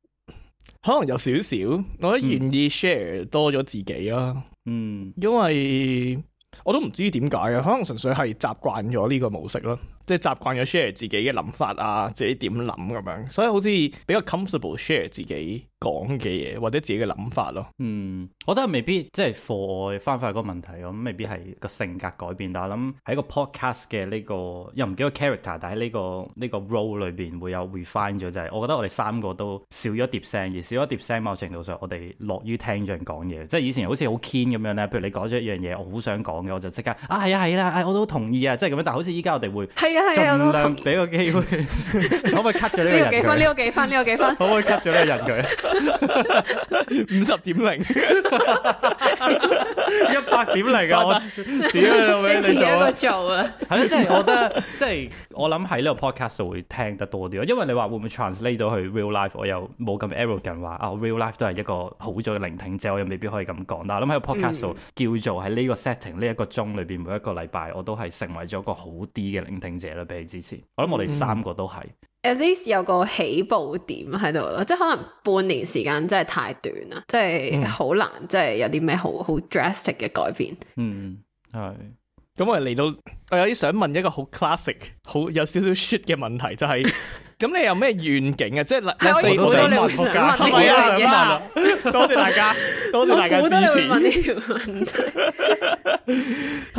可能有少少，我願意 share 多咗自己咯，嗯，因為。我都唔知點解啊，可能純粹係習慣咗呢個模式咯，即係習慣咗 share 自己嘅諗法啊，自己點諗咁樣，所以好似比較 comfortable share 自己講嘅嘢或者自己嘅諗法咯。嗯，我覺得未必即係 for 翻返個問題，我諗未必係個性格改變，但我諗喺個 podcast 嘅呢、這個又唔叫得 character，但喺呢、這個呢、這個 role 裏邊會有 refine 咗，就係、是、我覺得我哋三個都少咗疊聲，而少咗疊聲某程度上我哋樂於聽人講嘢，即係以前好似好 keen 咁樣咧，譬如你講咗一樣嘢，我好想講嘅。我就即刻啊！係啊，係啦、啊，我都同意啊，即係咁樣。但係好似依家我哋會係係啊，盡量俾個機會，可唔可以 cut 咗呢個幾分？呢個幾分？呢個幾分？可唔可以 cut 咗呢個人？佢五十點零，一百點零啊！我點啊？你做啊？係咯， (laughs) 即係我覺得，即係我諗喺呢個 podcast 會聽得多啲咯。因為你話會唔會 translate 到去 real life？我又冇咁 arrogant 話啊，real life 都係一個好咗嘅聆聽者，我又未必可以咁講。但係我諗喺個 podcast 叫做喺呢個 setting 呢、嗯個鐘裏邊每一個禮拜，我都係成為咗一個好啲嘅聆聽者啦，比起之前。我諗我哋三個都係，at least 有個起步點喺度咯。即係可能半年時間真係太短啦，嗯、即係好難，即係有啲咩好好 drastic 嘅改變。嗯，係。咁我嚟到，我有啲想問一個 classic, 好 classic、好有少少 shit 嘅問題，就係、是、咁你有咩願景啊？即係好多你會想問嘅？多謝大家， (laughs) 多謝大家支持。我估到你會問呢條問題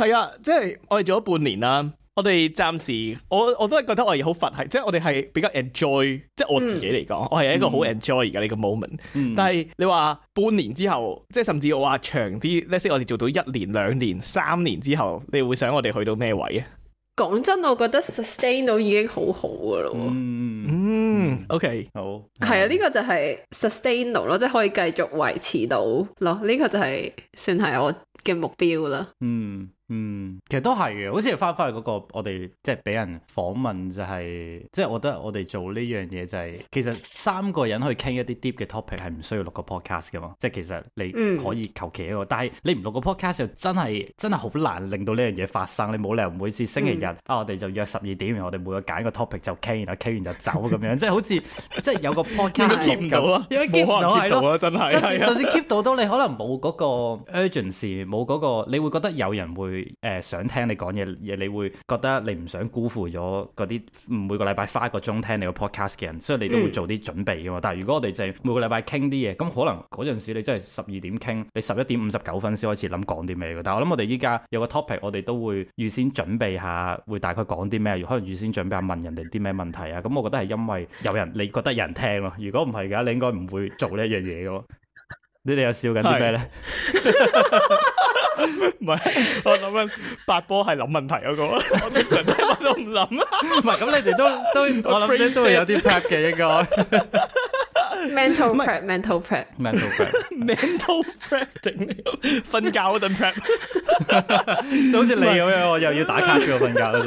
(laughs) ，係 (laughs) (laughs) 啊，即係我哋做咗半年啦。我哋暫時，我我都係覺得我哋好佛系，即係我哋係比較 enjoy，即係我自己嚟講，嗯、我係一個好 enjoy 而家呢個 moment、嗯。但係你話半年之後，即係甚至我話長啲 l e s 我哋做到一年、兩年、三年之後，你會想我哋去到咩位啊？講真，我覺得 sustainable 已經好好噶咯。嗯，嗯，OK，好，係啊，呢、這個就係 sustainable 咯，即係可以繼續維持到咯。呢、這個就係算係我嘅目標啦。嗯。嗯，其實都係嘅，好似翻返去嗰個我哋即係俾人訪問、就係，就係即係我覺得我哋做呢樣嘢就係、係、其實三個人去傾一啲 deep 嘅 topic 係唔需要錄個 podcast 嘅嘛，即係其實你可以求其一個，嗯、但係你唔錄個 podcast 就真係真係好難令到呢樣嘢發生。你冇理由每次星期日、嗯、啊，我哋就約十二點，然後我哋每個揀一個 topic 就傾，然後傾完就走咁樣， (laughs) 即係好似即係有個 podcast keep 到 (laughs) 啊，有人 keep 到啊，真係，就算就算 keep 到都你可能冇嗰個 urgency，冇嗰、 (laughs) 嗰個你會覺得有人會。誒，想聽你講嘢嘢，你會覺得你唔想辜負咗嗰啲每個禮拜花一個鐘聽你個 podcast 嘅人，所以你都會做啲準備噶嘛。但係如果我哋淨係每個禮拜傾啲嘢，咁可能嗰陣時你真係十二點傾，你十一點五十九分先開始諗講啲咩嘅。但係我諗我哋依家有個 topic，我哋都會預先準備下，會大概講啲咩，可能預先準備下問人哋啲咩問題啊。咁我覺得係因為有人你覺得有人聽咯。如果唔係嘅話，你應該唔會做呢一樣嘢噶。你哋又笑緊啲咩呢？唔係，我諗緊八波係諗問題嗰、那個，我都, (laughs) (laughs) 都,都我都唔諗。唔係，咁你哋都都我諗緊都會有啲 pract 嘅應該。mental pract mental pract mental pract mental practing。瞓覺嗰陣 pract 就好似你咁、那、樣、個，我又要打卡住，又我瞓覺啦，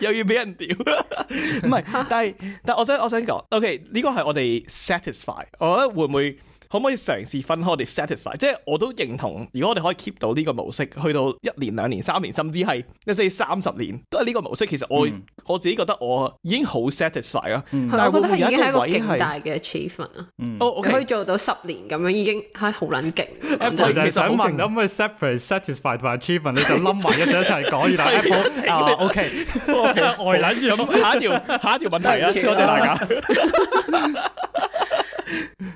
就又要俾人屌。唔係，但係但係，我想 OK, 我想講，OK，呢個係我哋 satisfy 我覺得會唔會？可唔可以嘗試分開？我哋 satisfy，即係我都認同。如果我哋可以 keep 到呢個模式，去到一年、兩年、三年，甚至係即係三十年，都係呢個模式。其實我我自己覺得我已經好 satisfied 啦。但我覺得佢已經係一個勁大嘅 achievement 啊！我可以做到十年咁樣，已經係好撚勁。Apple 就想問，可唔可以 separate satisfy 同埋 achievement？你就冧埋一齊一齊講。而家 Apple OK 我係呆撚住。下一條，下一條問題啊！多謝大家。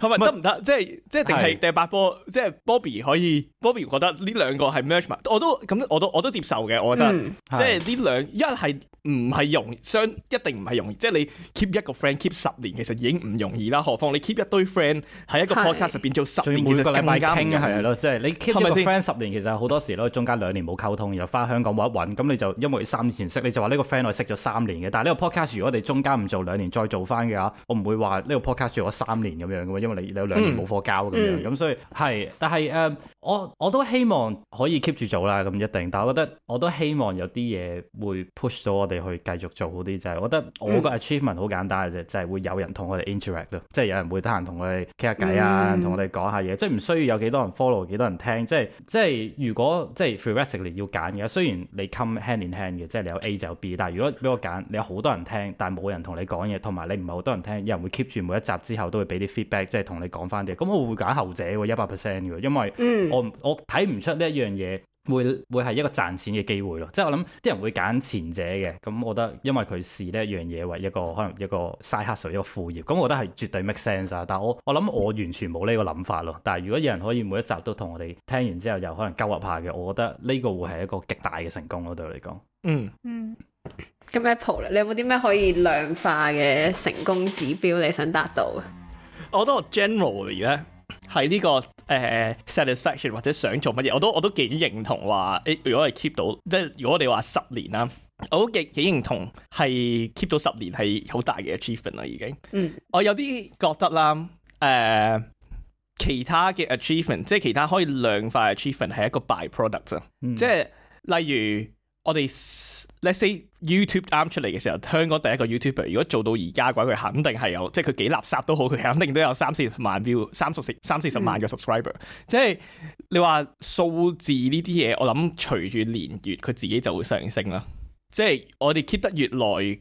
係咪得唔得？即係即係，定係是第八波？即係 Bobby 可以，Bobby 覺得呢兩個係 merge 嘛？我都咁，我都我都接受嘅。我覺得、嗯、即係呢兩一係唔係容易，相一定唔係容易。即係你 keep 一個 friend keep 十年，其實已經唔容易啦。何況你 keep 一堆 friend 喺一個 podcast 入邊做十年，是每個禮拜傾係咯，即係嗎、就是、你 keep 一個 friend 十年，其實好多時咯，中間兩年冇溝通，又翻香港冇得搵，咁你就因為三年前識，你就話呢個 friend 我識咗三年嘅。但係呢個 podcast 如果我哋中間唔做兩年，再做翻嘅話，我唔會話呢個 podcast 做咗三年。咁樣噶嘛，因為你你有兩年冇課交咁、嗯嗯、樣，咁所以係，但係誒、嗯，我我都希望可以 keep 住做啦，咁一定。但係我覺得我都希望有啲嘢會 push 到我哋去繼續做好啲，就係、是、我覺得我個 achievement 好簡單嘅啫，嗯、就係會有人同我哋 interact 咯，即係有人會得閒同我哋傾下偈啊，同、嗯、我哋講下嘢，即係唔需要有幾多人 follow，幾多人聽，即係即係如果即係 theoretically 要揀嘅，雖然你 come hand in hand 嘅，即係你有 A 就有 B，但係如果俾我揀，你有好多人聽，但係冇人同你講嘢，同埋你唔係好多人聽，有人會 keep 住每一集之後都會俾啲。feedback 即係同你講翻啲，咁我會揀後者喎，一百 percent 嘅，因為我我睇唔出呢一樣嘢會會係一個賺錢嘅機會咯。即係我諗啲人會揀前者嘅，咁我覺得因為佢視呢一樣嘢為一個可能一個 side hustle 一個副業，咁我覺得係絕對 make sense 啊。但係我我諗我完全冇呢個諗法咯。但係如果有人可以每一集都同我哋聽完之後又可能加入下嘅，我覺得呢個會係一個極大嘅成功咯。對我嚟講，嗯嗯，咁、嗯、Apple 你有冇啲咩可以量化嘅成功指標你想達到？我覺得我 generally 咧，喺呢、這個誒、呃、satisfaction 或者想做乜嘢，我都我都幾認同話誒、欸，如果係 keep 到，即係如果你話十年啦，我都幾幾認同係 keep 到十年係好大嘅 achievement 啦，已經。嗯，我有啲覺得啦，誒、呃、其他嘅 achievement，即係其他可以量化嘅 achievement 係一個 byproduct 啊、嗯，即係例如。我哋 let's say YouTube 啱出嚟嘅時候，香港第一個 YouTuber 如果做到而家嘅話，佢肯定係有，即係佢幾垃圾都好，佢肯定都有三四十萬 view、三十四、三四十萬嘅 subscriber。嗯、即係你話數字呢啲嘢，我諗隨住年月，佢自己就會上升啦。即係我哋 keep 得越耐，誒、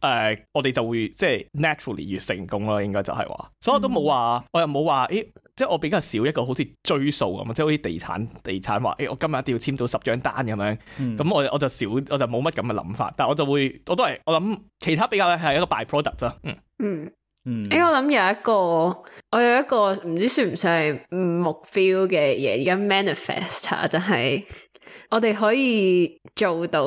呃，我哋就會即係 naturally 越成功囉。應該就係話，所以我都冇話，我又冇話誒。即係我比較少一個好似追數咁，即係好似地產地產話，誒、欸，我今日一定要簽到十張單咁樣。咁我、嗯、我就少，我就冇乜咁嘅諗法。但係我就會，我都係我諗其他比較係一個 byproduct 啫。嗯嗯嗯。誒、嗯欸，我諗有一個，我有一個唔知算唔算係目標嘅嘢，而家 manifest 就係、是、我哋可以做到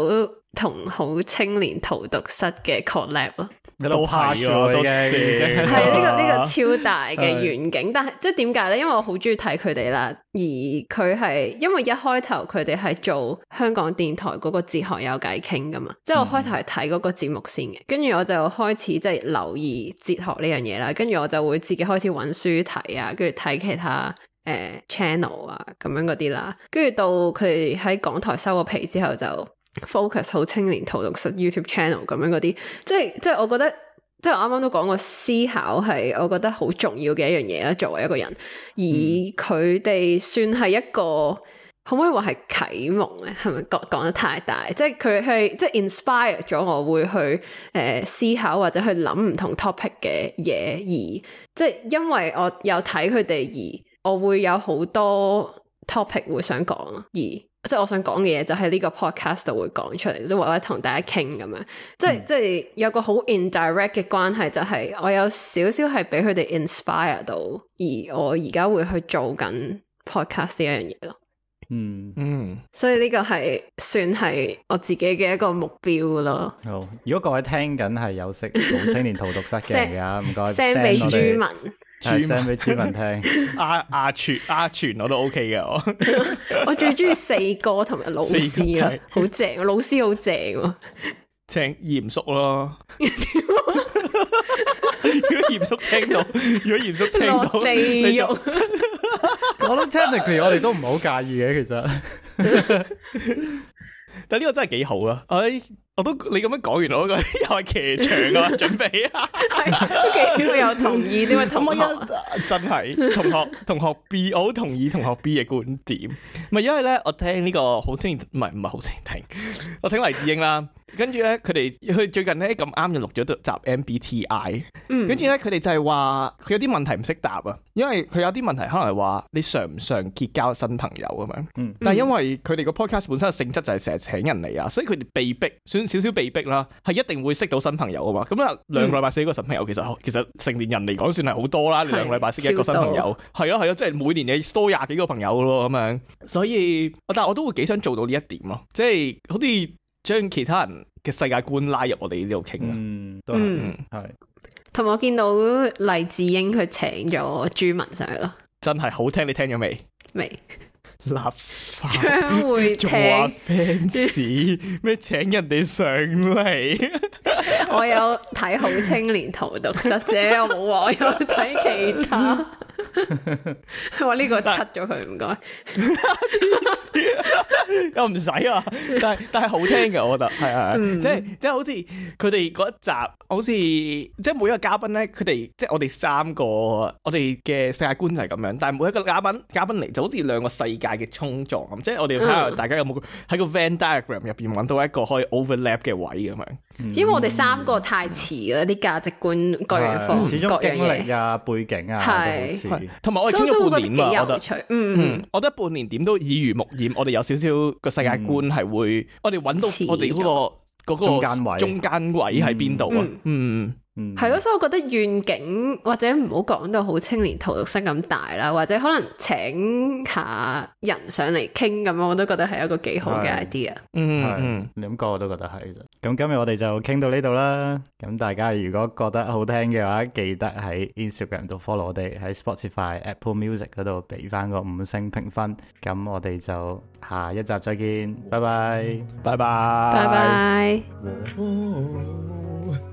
同好青年荼毒室嘅 collab 咯。你都睇咗，都正係呢個呢個 (noise) 超大嘅遠景， (laughs) 景 (laughs) 但係即係點解咧？因為我好中意睇佢哋啦，而佢係因為一開頭佢哋係做香港電台嗰個哲學有偈傾噶嘛，即係我開頭係睇嗰個節目先嘅，跟住、嗯、我就開始即係留意哲學呢樣嘢啦，跟住我就會自己開始揾書睇、呃、啊，跟住睇其他誒 channel 啊咁樣嗰啲啦，跟住到佢哋喺港台收咗皮之後就。focus 好青年荼毒室 YouTube channel 咁樣嗰啲，即係即係我覺得，即係我啱啱都講過思考係，我覺得好重要嘅一樣嘢啦。作為一個人，而佢哋算係一個，可唔可以話係啟蒙咧？係咪講講得太大？即係佢係即係 inspire 咗我，會去誒、呃、思考或者去諗唔同 topic 嘅嘢，而即係因為我有睇佢哋，而我會有好多 topic 會想講，而。即係我想講嘅嘢，就係、是、呢個 podcast 度會講出嚟，即係或者同大家傾咁樣，嗯、即係即係有個好 indirect 嘅關係，就係、是、我有少少係俾佢哋 inspire 到，而我而家會去做緊 podcast 呢樣嘢咯、嗯。嗯嗯，所以呢個係算係我自己嘅一個目標咯。好，如果各位聽緊係有識老青年逃讀室嘅，唔該，send 俾朱文。傳俾志文聽，阿阿、 (laughs) 啊啊、全阿傳、啊、我都 OK 嘅，我 (laughs) (laughs) 我最中意四個同埋老師啊，好正，老師好正、啊，正嚴肅咯。嚴肅 (laughs) (laughs) (laughs) 如果嚴肅聽到，如果嚴肅聽到，我諗 Channing 我哋都唔好介意嘅，其實。但呢個真係幾好啊！哎。我都你咁樣講完我，我都覺得又係騎牆噶準備啊！ (laughs) 係，幾個又同意？你話點解？真係 (laughs) 同學，同學 B，我好同意同學 B 嘅觀點。咪 (laughs) 因為咧，我聽呢個好聲，唔係唔係好聲聽。我聽黎智英啦，跟住咧，佢哋佢最近咧咁啱就錄咗集 MBTI。嗯，跟住咧，佢哋就係話佢有啲問題唔識答啊。因為佢有啲問題可能係話你常唔常結交新朋友咁樣。嗯，但係因為佢哋個 podcast 本身嘅性質就係成日請人嚟啊，所以佢哋被逼迫少少被逼啦，係一定會識到新朋友啊嘛！咁啊，兩個禮拜識一個新朋友，其實其實成年人嚟講算係好多啦。兩個禮拜識一個新朋友，係啊係啊，即係每年有多廿幾個朋友咯咁樣。所以，但係我都會幾想做到呢一點啊，即係好似將其他人嘅世界觀拉入我哋呢度傾啦。嗯，係。同埋、嗯、我見到黎智英佢請咗朱文上去咯，真係好聽！你聽咗未？未。垃圾，仲話 fans 咩？請人哋上嚟，我有睇《好青年荼毒室咋》，我冇話有睇其他。我呢、 (laughs) 這個七咗佢，唔該， (laughs) 又唔使啊！但係但係好聽嘅，我覺得係啊、嗯，即係即係好似佢哋嗰一集，好似即係每一個嘉賓咧，佢哋即係我哋三個，我哋嘅世界觀就係咁樣。但係每一個嘉賓嘉賓嚟，就好似兩個世界嘅衝撞咁。即係我哋要睇下大家有冇喺個 Venn diagram 入邊揾到一個可以 overlap 嘅位咁樣。嗯、因為我哋三個太似啦，啲價值觀、各樣嘢、經歷啊、背景啊，係。同埋我哋傾咗半年嘛，周周我覺得，嗯嗯，我覺得半年點都耳濡目染，我哋有少少個世界觀係會，嗯、我哋搵到我哋嗰、嗰個嗰了、嗰個中間位，中間位喺邊度啊？嗯。嗯係咯，嗯，所以我覺得願景，或者唔好講到好青年荼毒室咁大啦，或者可能請下人上嚟傾咁，我都覺得係一個幾好嘅 idea。是嗯，咁講我都覺得係啫。咁今日我哋就傾到呢度啦。咁大家如果覺得好聽嘅話，記得喺 Instagram 度 follow 我哋，喺 Spotify、Apple Music 嗰度俾翻個五星評分。咁我哋就下一集再見，拜拜，哇拜拜，拜拜。 (laughs)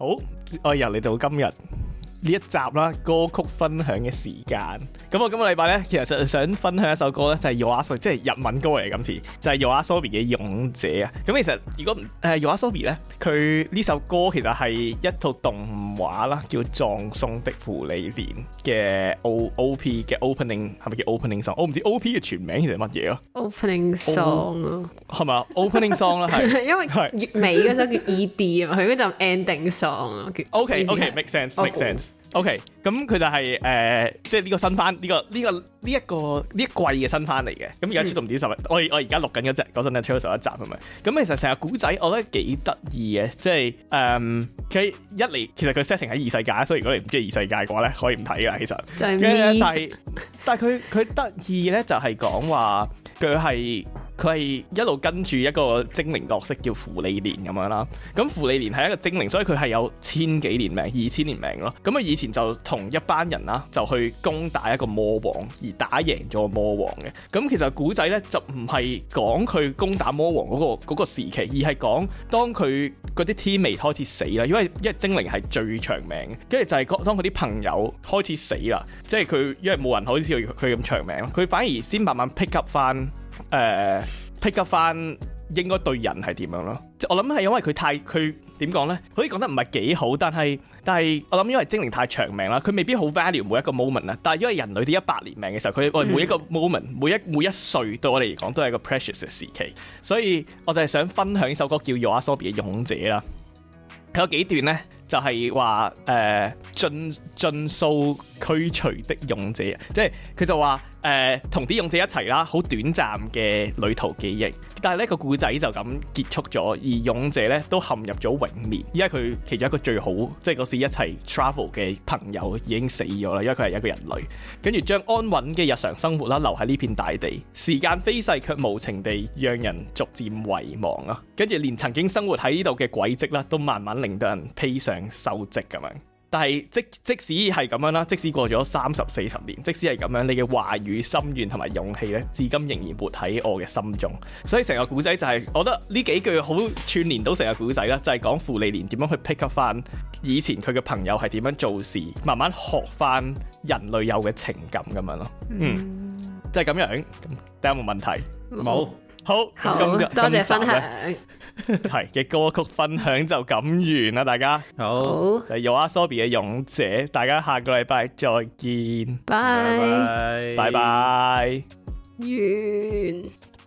好，我又嚟到今日。呢一集啦，歌曲分享嘅時間。咁我今個禮拜咧，其實想分享一首歌咧，就係 Yoasobi，即係日文歌嚟嘅，今次，就係 Yoasobi 嘅勇者啊。咁其實如果唔誒 Yoasobi 咧，佢呢首歌其實係一套動畫啦，叫葬送的芙莉蓮嘅 OP 嘅 opening，係咪叫 opening song？我唔知 OP 嘅全名其實乜嘢啊？Opening song 啊？係咪啊？Opening song 啦，係因為尾嗰首叫 ED 啊嘛，佢嗰陣 ending song 啊。OK OK，make sense，make sense。OK，咁佢就係、是、誒、呃，即係呢個新番呢、這個呢、這個呢一、這個呢、這個、一季嘅新番嚟嘅。咁而家出動點十日、嗯，我我而家錄緊嗰隻嗰陣嘅超十一集係咪？咁其實成日故仔我覺得幾得意嘅，即係誒，佢一嚟其實佢 setting 喺異世界，所以如果你唔中意異世界嘅話咧，可以唔睇㗎。其實，跟住最後 但係是 (laughs) 但係佢佢得意咧就係講話佢係。佢係一路跟住一個精靈角色叫芙莉蓮咁樣啦，咁芙莉蓮係一個精靈，所以佢係有千幾年命、二千年命咯。咁啊，以前就同一班人啦，就去攻打一個魔王而打贏咗魔王嘅。咁其實古仔呢，就唔係講佢攻打魔王嗰、嗰個嗰、嗰個、時期，而係講當佢嗰啲 teammate 開始死啦，因為因為精靈係最長命，跟住就係當佢啲朋友開始死啦，即係佢因為冇人好似佢咁長命，佢反而先慢慢 pick up 翻。誒、uh，pick up 翻應該對人係點樣咯？即係我諗係因為佢太佢點講咧？呢可以講得唔係幾好，但係但係我諗因為精靈太長命啦，佢未必好 value 每一個 moment 啊。但係因為人類啲一百年命嘅時候，佢我每一個 moment，每一每一歲對我哋嚟講都係一個 precious 嘅時期，所以我就係想分享呢首歌叫《Yoasobi》嘅勇者啦。有幾段咧？就係話誒盡盡數驅除的勇者，即係佢就話誒同啲勇者一齊啦，好短暫嘅旅途記憶，但係呢、這個故仔就咁結束咗，而勇者咧都陷入咗永眠，因為佢其中一個最好即係嗰時一齊 travel 嘅朋友已經死咗啦，因為佢係一個人類，跟住將安穩嘅日常生活啦留喺呢片大地，時間飛逝卻無情地讓人逐漸遺忘啊，跟住連曾經生活喺呢度嘅軌跡啦，都慢慢令到人披上。收積咁樣，但係即即使係咁樣啦，即使過咗三十四十年，即使係咁樣，你嘅話語心願同埋勇氣咧，至今仍然活喺我嘅心中。所以成個古仔就係、是，我覺得呢幾句好串聯到成個古仔啦，就係講芙莉蓮點樣去 pick up 翻以前佢嘅朋友係點樣做事，慢慢學翻人類有嘅情感咁樣咯。嗯，嗯就係咁樣。第一個問題冇，有好，好多謝分享。係嘅 (laughs) 歌曲分享就咁完啦，大家好，好就係 Yoasobi 嘅勇者，大家下個禮拜再見，拜拜拜拜完。